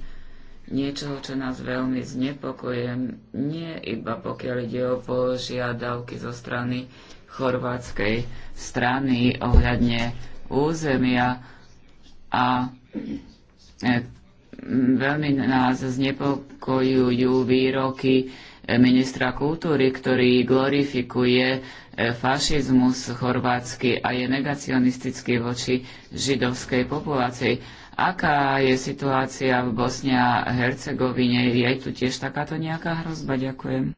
niečoho, čo nás veľmi znepokojuje. Nie iba pokiaľ ide o požiadavky zo strany chorvátskej strany ohľadne územia a e, veľmi nás znepokojujú výroky e, ministra kultúry, ktorý glorifikuje e, fašizmus chorvátsky a je negacionistický voči židovskej populácii. Aká je situácia v Bosne a Hercegovine? Je tu tiež takáto nejaká hrozba? Ďakujem.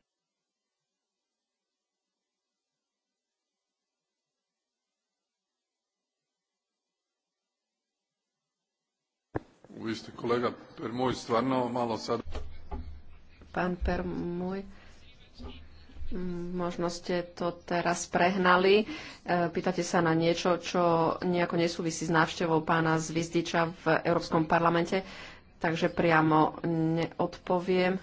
vi ste kolega Permuj stvarno malo sad... Pán Permuj, možno ste to teraz prehnali. E, pýtate sa na niečo, čo nejako nesúvisí s návštevou pána Zvizdiča v Európskom parlamente, takže priamo neodpoviem.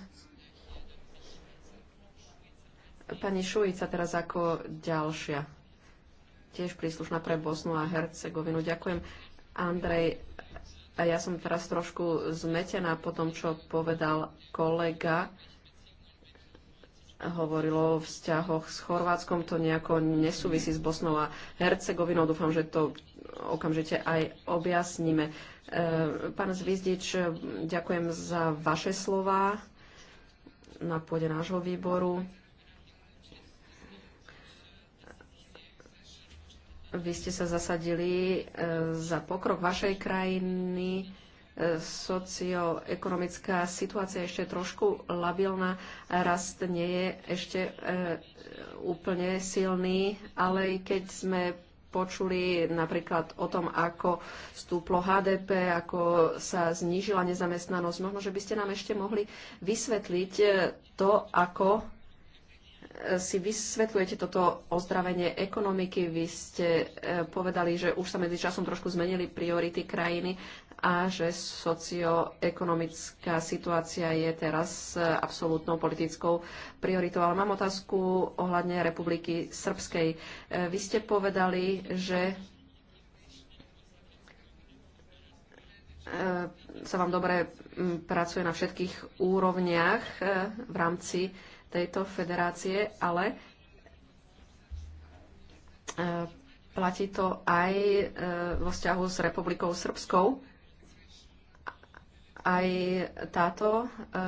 Pani Šujica teraz ako ďalšia. Tiež príslušná pre Bosnu a Hercegovinu. Ďakujem. Andrej, a ja som teraz trošku zmetená po tom, čo povedal kolega. Hovorilo o vzťahoch s Chorvátskom, to nejako nesúvisí s Bosnou a Hercegovinou. Dúfam, že to okamžite aj objasníme. E, pán Zvizdič, ďakujem za vaše slova na pôde nášho výboru. Vy ste sa zasadili e, za pokrok vašej krajiny. E, socioekonomická situácia je ešte trošku labilná. Rast nie je ešte e, úplne silný, ale keď sme počuli napríklad o tom, ako stúplo HDP, ako sa znížila nezamestnanosť. Možno, že by ste nám ešte mohli vysvetliť to, ako si vysvetľujete toto ozdravenie ekonomiky? Vy ste e, povedali, že už sa medzi časom trošku zmenili priority krajiny a že socioekonomická situácia je teraz e, absolútnou politickou prioritou. Ale mám otázku ohľadne Republiky Srbskej. E, vy ste povedali, že sa vám dobre pracuje na všetkých úrovniach v rámci tejto federácie, ale e, platí to aj e, vo vzťahu s Republikou Srbskou. Aj táto e,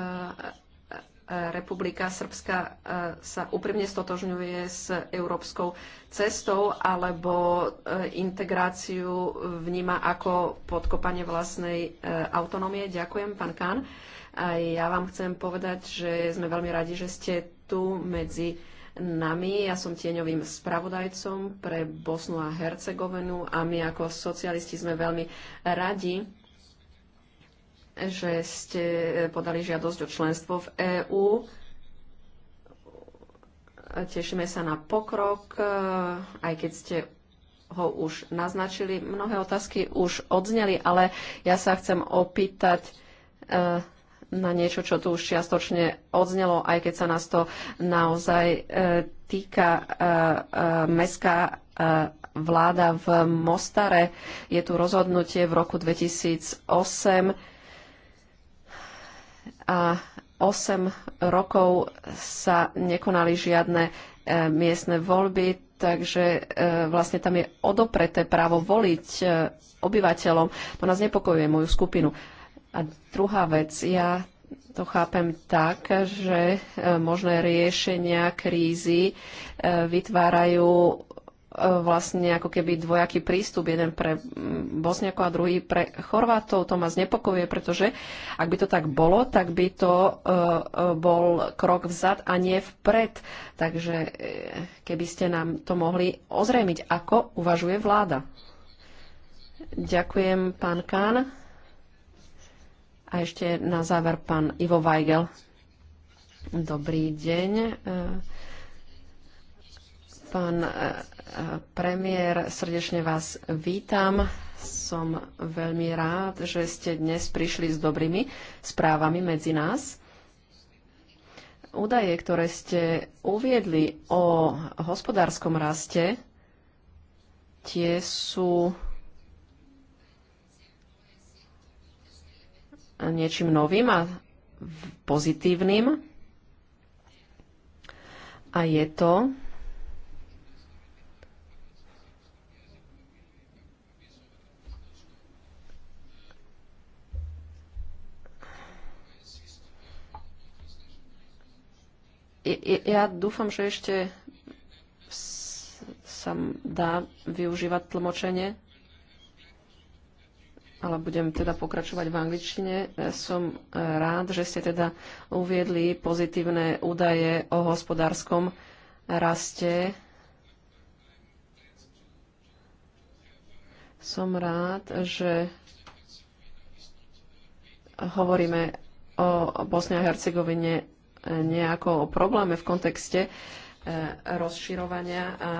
Republika Srbska sa úprimne stotožňuje s európskou cestou alebo integráciu vníma ako podkopanie vlastnej autonómie. Ďakujem, pán Kán. A ja vám chcem povedať, že sme veľmi radi, že ste tu medzi nami. Ja som tieňovým spravodajcom pre Bosnu a Hercegovinu a my ako socialisti sme veľmi radi, že ste eh, podali žiadosť o členstvo v EÚ. Tešíme sa na pokrok, eh, aj keď ste ho už naznačili. Mnohé otázky už odzneli, ale ja sa chcem opýtať, eh, na niečo, čo tu už čiastočne odznelo, aj keď sa nás to naozaj e, týka. E, e, mestská vláda v Mostare. Je tu rozhodnutie v roku 2008 a 8 rokov sa nekonali žiadne miestne voľby, takže vlastne tam je odopreté právo voliť obyvateľom. To nás nepokojuje moju skupinu. A druhá vec, ja to chápem tak, že e, možné riešenia krízy e, vytvárajú e, vlastne ako keby dvojaký prístup, jeden pre Bosniakov a druhý pre Chorvátov. To ma znepokojuje, pretože ak by to tak bolo, tak by to bol krok vzad a nie vpred. Takže keby ste nám to mohli ozrejmiť, ako uvažuje vláda. Ďakujem, pán Kán. A ešte na záver pán Ivo Weigel. Dobrý deň. Pán e, premiér, srdečne vás vítam. Som veľmi rád, že ste dnes prišli s dobrými správami medzi nás údaje, ktoré ste uviedli o hospodárskom raste, tie sú niečím novým a pozitívnym. A je to ja dúfam, že ešte sa dá využívať tlmočenie ale budem teda pokračovať v angličtine. E, som e, rád, že ste teda uviedli pozitívne údaje o hospodárskom raste. Som rád, že hovoríme o Bosne a Hercegovine e, nejako o probléme v kontexte rozširovania a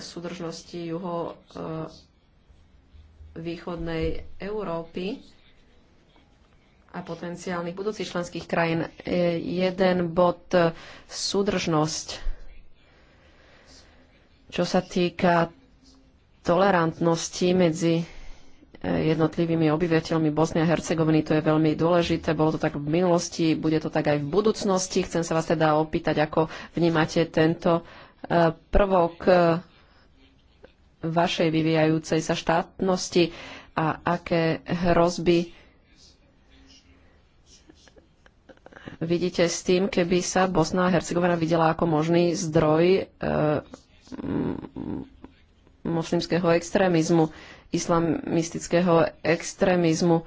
súdržnosti juho východnej Európy a potenciálnych budúcich členských krajín. E, jeden bod e, súdržnosť. Čo sa týka tolerantnosti medzi e, jednotlivými obyvateľmi Bosny a Hercegoviny. To je veľmi dôležité. Bolo to tak v minulosti, bude to tak aj v budúcnosti. Chcem sa vás teda opýtať, ako vnímate tento prvok vašej vyvíjajúcej sa štátnosti a aké hrozby vidíte s tým, keby sa Bosna a Hercegovina videla ako možný zdroj e, moslimského extrémizmu, islamistického extrémizmu.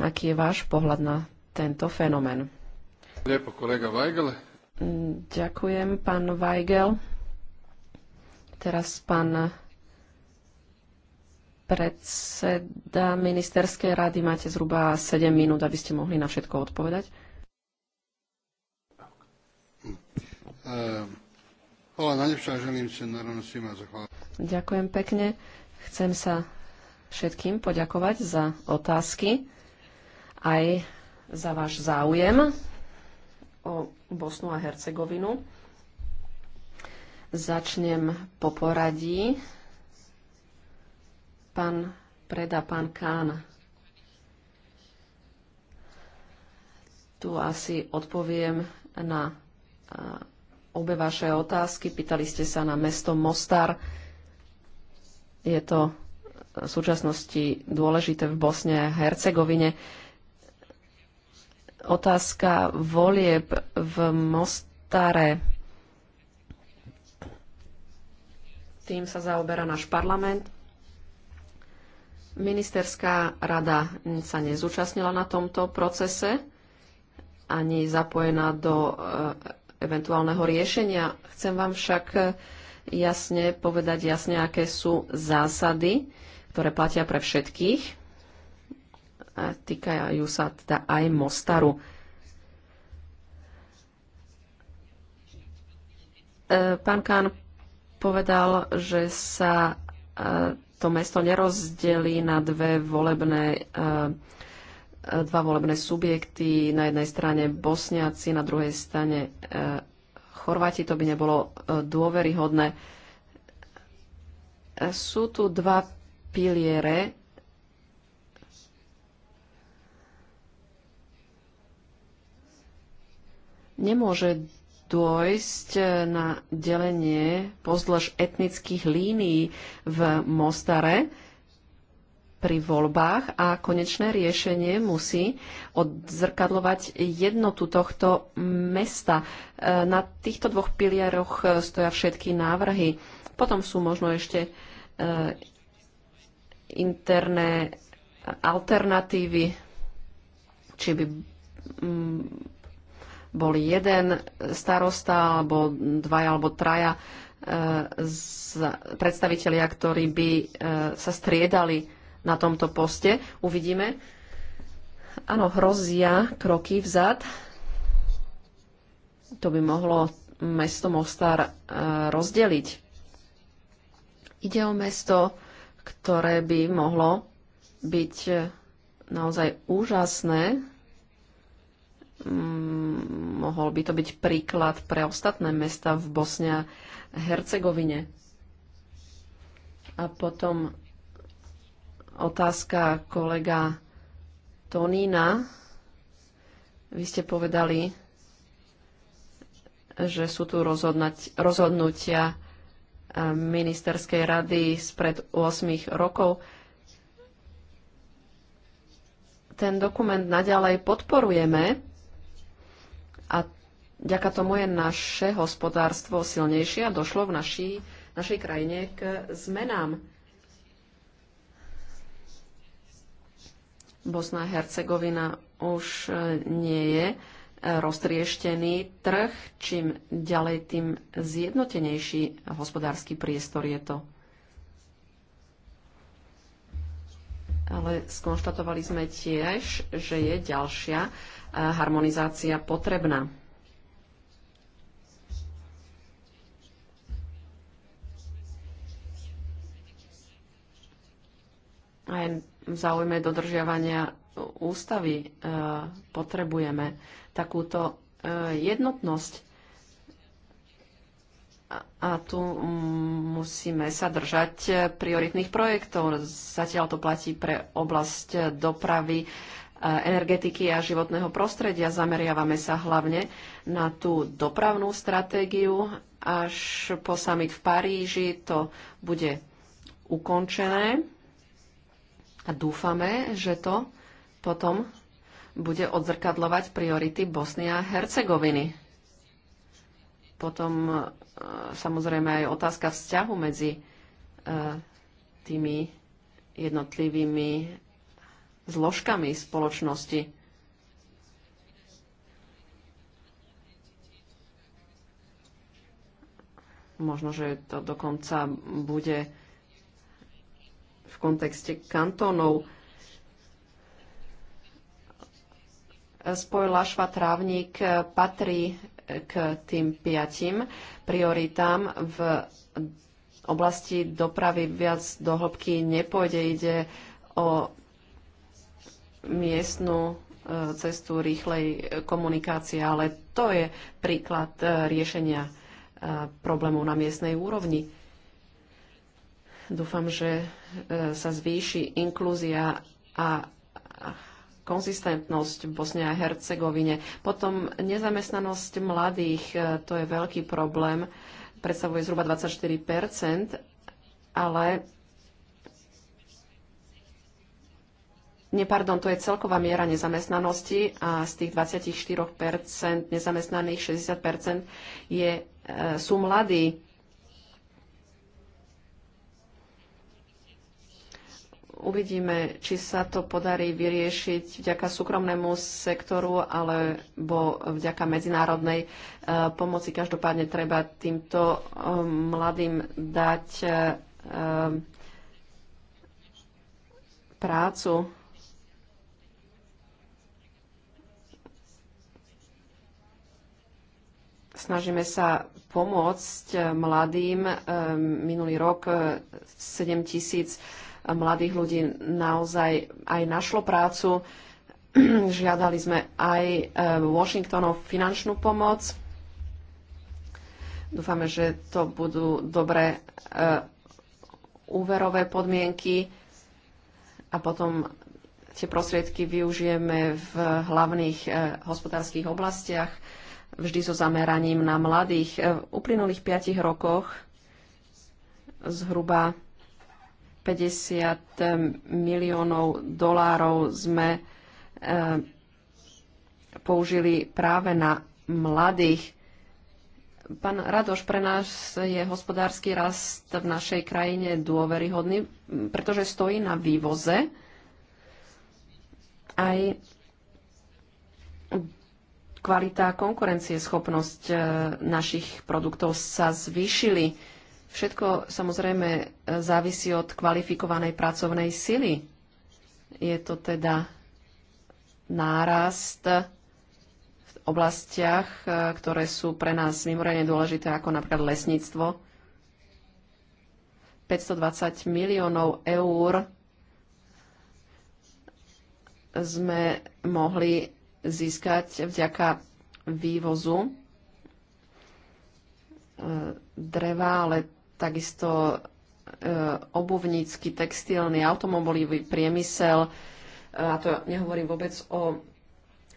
Aký je váš pohľad na tento fenomén? Lepo, kolega Weigel. Ďakujem, pán Weigel. Teraz pán predseda ministerskej rady, máte zhruba 7 minút, aby ste mohli na všetko odpovedať. Eh, Ďakujem pekne. Chcem sa všetkým poďakovať za otázky, aj za váš záujem o Bosnu a Hercegovinu. Začnem po poradí. Pán Preda, pán Kán. Tu asi odpoviem na obe vaše otázky. Pýtali ste sa na mesto Mostar. Je to v súčasnosti dôležité v Bosne a Hercegovine. Otázka volieb v Mostare tým sa zaoberá náš parlament. Ministerská rada sa nezúčastnila na tomto procese, ani zapojená do e, eventuálneho riešenia. Chcem vám však e, jasne povedať jasne, aké sú zásady, ktoré platia pre všetkých. A e, týkajú sa teda aj Mostaru. Pán Kán povedal, že sa e, to mesto nerozdelí na dve volebné, e, e, dva volebné subjekty. Na jednej strane Bosniaci, na druhej strane Chorváti. To by nebolo dôveryhodné. Sú tu dva piliere nemôže dôjsť e, na delenie pozdĺž etnických línií v Mostare pri voľbách a konečné riešenie musí odzrkadlovať jednotu tohto mesta. E, na týchto dvoch pilieroch e, stoja všetky návrhy. Potom sú možno ešte interné alternatívy, či by boli jeden starosta alebo dvaja alebo traja e, predstavitelia, ktorí by e, sa striedali na tomto poste. Uvidíme. Áno, hrozia kroky vzad. To by mohlo mesto Mostar e, rozdeliť. Ide o mesto, ktoré by mohlo byť naozaj úžasné Mm, mohol by to byť príklad pre ostatné mesta v Bosne a Hercegovine. A potom otázka kolega Tonína. Vy ste povedali, že sú tu rozhodnutia e, ministerskej rady spred 8 rokov. Ten dokument naďalej podporujeme Ďaká tomu je naše hospodárstvo silnejšie a došlo v naši, našej krajine k zmenám. Bosna a Hercegovina už nie je roztrieštený trh, čím ďalej, tým zjednotenejší hospodársky priestor je to. Ale skonštatovali sme tiež, že je ďalšia harmonizácia potrebná. aj v záujme dodržiavania ústavy e, potrebujeme takúto e, jednotnosť. A tu musíme sa držať prioritných projektov. Zatiaľ to platí pre oblasť dopravy, e, energetiky a životného prostredia. Zameriavame sa hlavne na tú dopravnú stratégiu. Až po summit v Paríži to bude ukončené a dúfame, že to potom bude odzrkadlovať priority Bosny a Hercegoviny. Potom e, samozrejme aj otázka vzťahu medzi e, tými jednotlivými zložkami spoločnosti. možno, že to dokonca bude v kontexte kantónov. Spoj Lašva Trávnik patrí k tým piatim prioritám v oblasti dopravy viac do hĺbky nepôjde. Ide o miestnu e, cestu rýchlej komunikácie, ale to je príklad e, riešenia e, problémov na miestnej úrovni. Dúfam, že E, sa zvýši inklúzia a konzistentnosť v Bosne a Hercegovine. Potom nezamestnanosť mladých, e, to je veľký problém, predstavuje zhruba 24 ale Nie, pardon, to je celková miera nezamestnanosti a z tých 24% nezamestnaných 60% je, e, sú mladí. uvidíme, či sa to podarí vyriešiť vďaka súkromnému sektoru alebo vďaka medzinárodnej e, pomoci. Každopádne treba týmto e, mladým dať e, prácu. Snažíme sa pomôcť mladým. Minulý rok 7 tisíc mladých ľudí naozaj aj našlo prácu. (clears throat) Žiadali sme aj e, Washingtonov finančnú pomoc. Dúfame, že to budú dobré e, úverové podmienky a potom tie prostriedky využijeme v hlavných e, hospodárskych oblastiach, vždy so zameraním na mladých. V uplynulých piatich rokoch zhruba 50 miliónov dolárov sme e, použili práve na mladých. Pán Radoš, pre nás je hospodársky rast v našej krajine dôveryhodný, pretože stojí na vývoze aj kvalita konkurencieschopnosť e, našich produktov sa zvýšili Všetko samozrejme závisí od kvalifikovanej pracovnej sily. Je to teda nárast v oblastiach, ktoré sú pre nás mimoriadne dôležité, ako napríklad lesníctvo. 520 miliónov eur sme mohli získať vďaka vývozu eh, dreva, ale takisto e, obuvnícky, textilný, automobilový priemysel. E, a to nehovorím vôbec o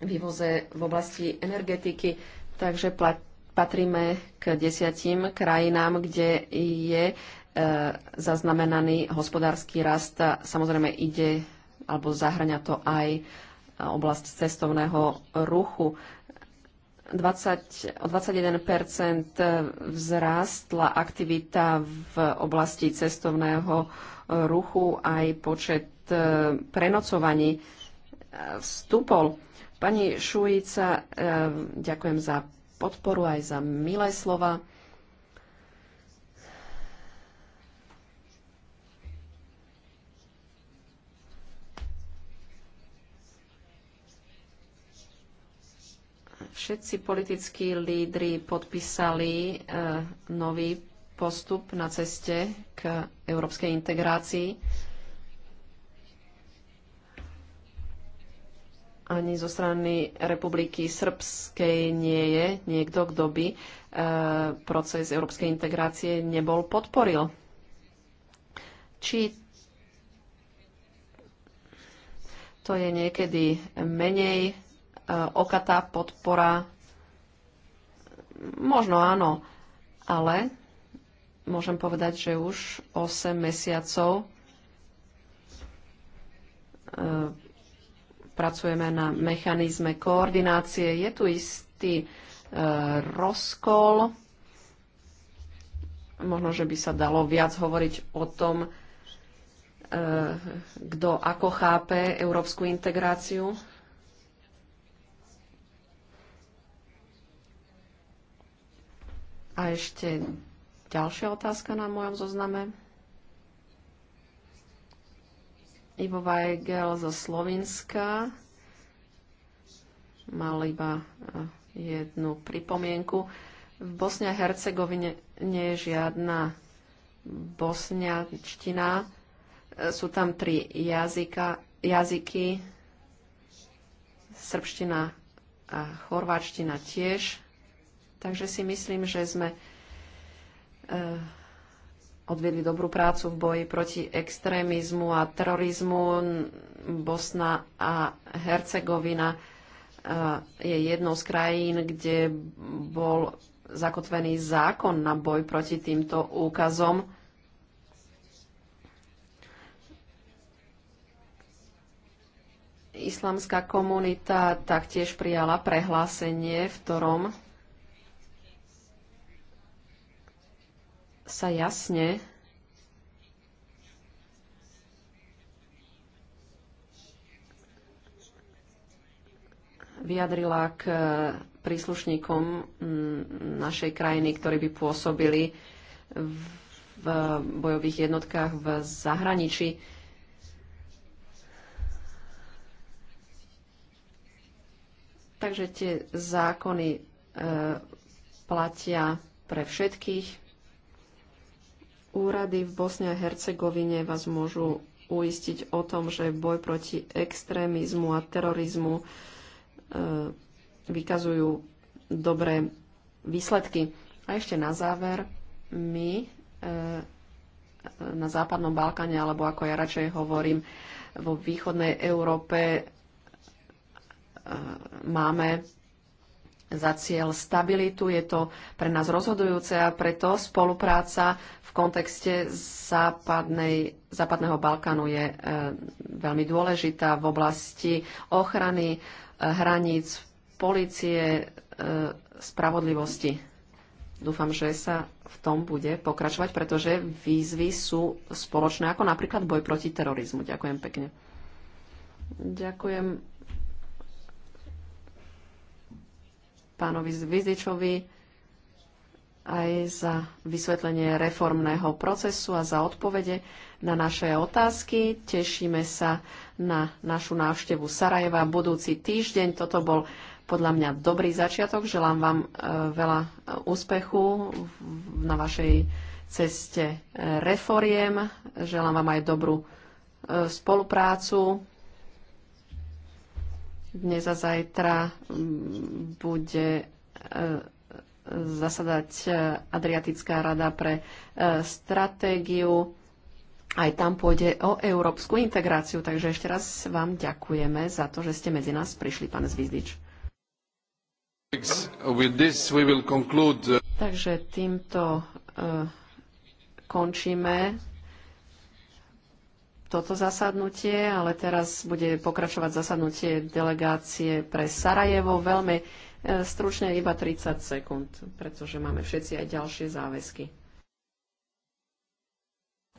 vývoze v oblasti energetiky. Takže patríme k desiatim krajinám, kde je e, zaznamenaný hospodársky rast. Samozrejme ide alebo zahrňa to aj oblasť cestovného ruchu. 20, o 21 vzrástla aktivita v oblasti cestovného e, ruchu, aj počet e, prenocovaní e, vstúpol. Pani Šujica, ďakujem za podporu aj za milé slova. Všetci politickí lídry podpísali eh, nový postup na ceste k európskej integrácii. Ani zo strany Republiky Srbskej nie je niekto, kto by eh, proces európskej integrácie nebol podporil. Či to je niekedy menej Eh, okatá podpora. Možno áno, ale môžem povedať, že už 8 mesiacov eh, pracujeme na mechanizme koordinácie. Je tu istý eh, rozkol. Možno, že by sa dalo viac hovoriť o tom, kto ako chápe európsku integráciu A ešte ďalšia otázka na mojom zozname. Ivo Weigel zo Slovenska mal iba eh, jednu pripomienku. V Bosne a Hercegovine nie je žiadna bosňačtina. Eh, sú tam tri jazyka, jazyky, srbština a chorváčtina tiež. Takže si myslím, že sme e, odvedli dobrú prácu v boji proti extrémizmu a terorizmu. Bosna a Hercegovina e, je jednou z krajín, kde bol zakotvený zákon na boj proti týmto úkazom. Islamská komunita taktiež prijala prehlásenie, v ktorom sa jasne vyjadrila k e, príslušníkom mm, našej krajiny, ktorí by pôsobili v bojových jednotkách v zahraničí. Takže tie zákony e, platia pre všetkých. Úrady v Bosne a Hercegovine vás môžu uistiť o tom, že boj proti extrémizmu a terorizmu e, vykazujú dobré výsledky. A ešte na záver, my e, na Západnom Balkáne, alebo ako ja radšej hovorím, vo východnej Európe e, máme za cieľ stabilitu. Je to pre nás rozhodujúce a preto spolupráca v kontekste západnej, západného Balkánu je e, veľmi dôležitá v oblasti ochrany e, hraníc, policie, e, spravodlivosti. Dúfam, že sa v tom bude pokračovať, pretože výzvy sú spoločné, ako napríklad boj proti terorizmu. Ďakujem pekne. Ďakujem pánovi Zvizičovi aj za vysvetlenie reformného procesu a za odpovede na naše otázky. Tešíme sa na našu návštevu Sarajeva budúci týždeň. Toto bol podľa mňa dobrý začiatok. Želám vám e, veľa e, úspechu na vašej ceste e, reforiem. Želám vám aj dobrú spoluprácu dnes a zajtra mm, bude e, zasadať e, Adriatická rada pre e, stratégiu. Aj tam pôjde o európsku integráciu. Takže ešte raz vám ďakujeme za to, že ste medzi nás prišli, pán Zvizdič. Takže týmto končíme toto zasadnutie, ale teraz bude pokračovať zasadnutie delegácie pre Sarajevo. Veľmi e, stručne iba 30 sekúnd, pretože máme všetci aj ďalšie záväzky.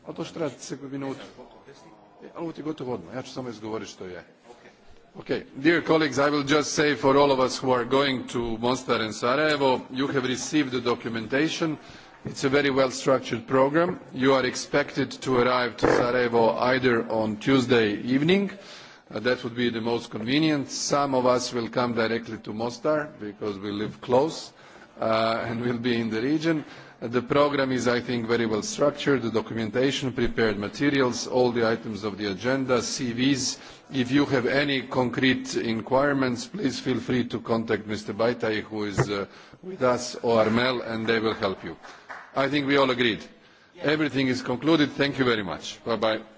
A to 40 sekúnd minút. Ali ti gotovo odmah, ja ću samo izgovoriti što je. Okay, dear colleagues, I will just say for all of us who are going to Mostar and Sarajevo, you have received the documentation. It is a very well-structured programme. You are expected to arrive to Sarajevo either on Tuesday evening, uh, that would be the most convenient. Some of us will come directly to Mostar because we live close uh, and will be in the region. Uh, the programme is, I think, very well structured, the documentation, prepared materials, all the items of the agenda, CVs. If you have any concrete inquirements, please feel free to contact Mr. Baitai, who is with us, or Armel, and they will help you i think we all agreed. everything is concluded. thank you very much. bye bye.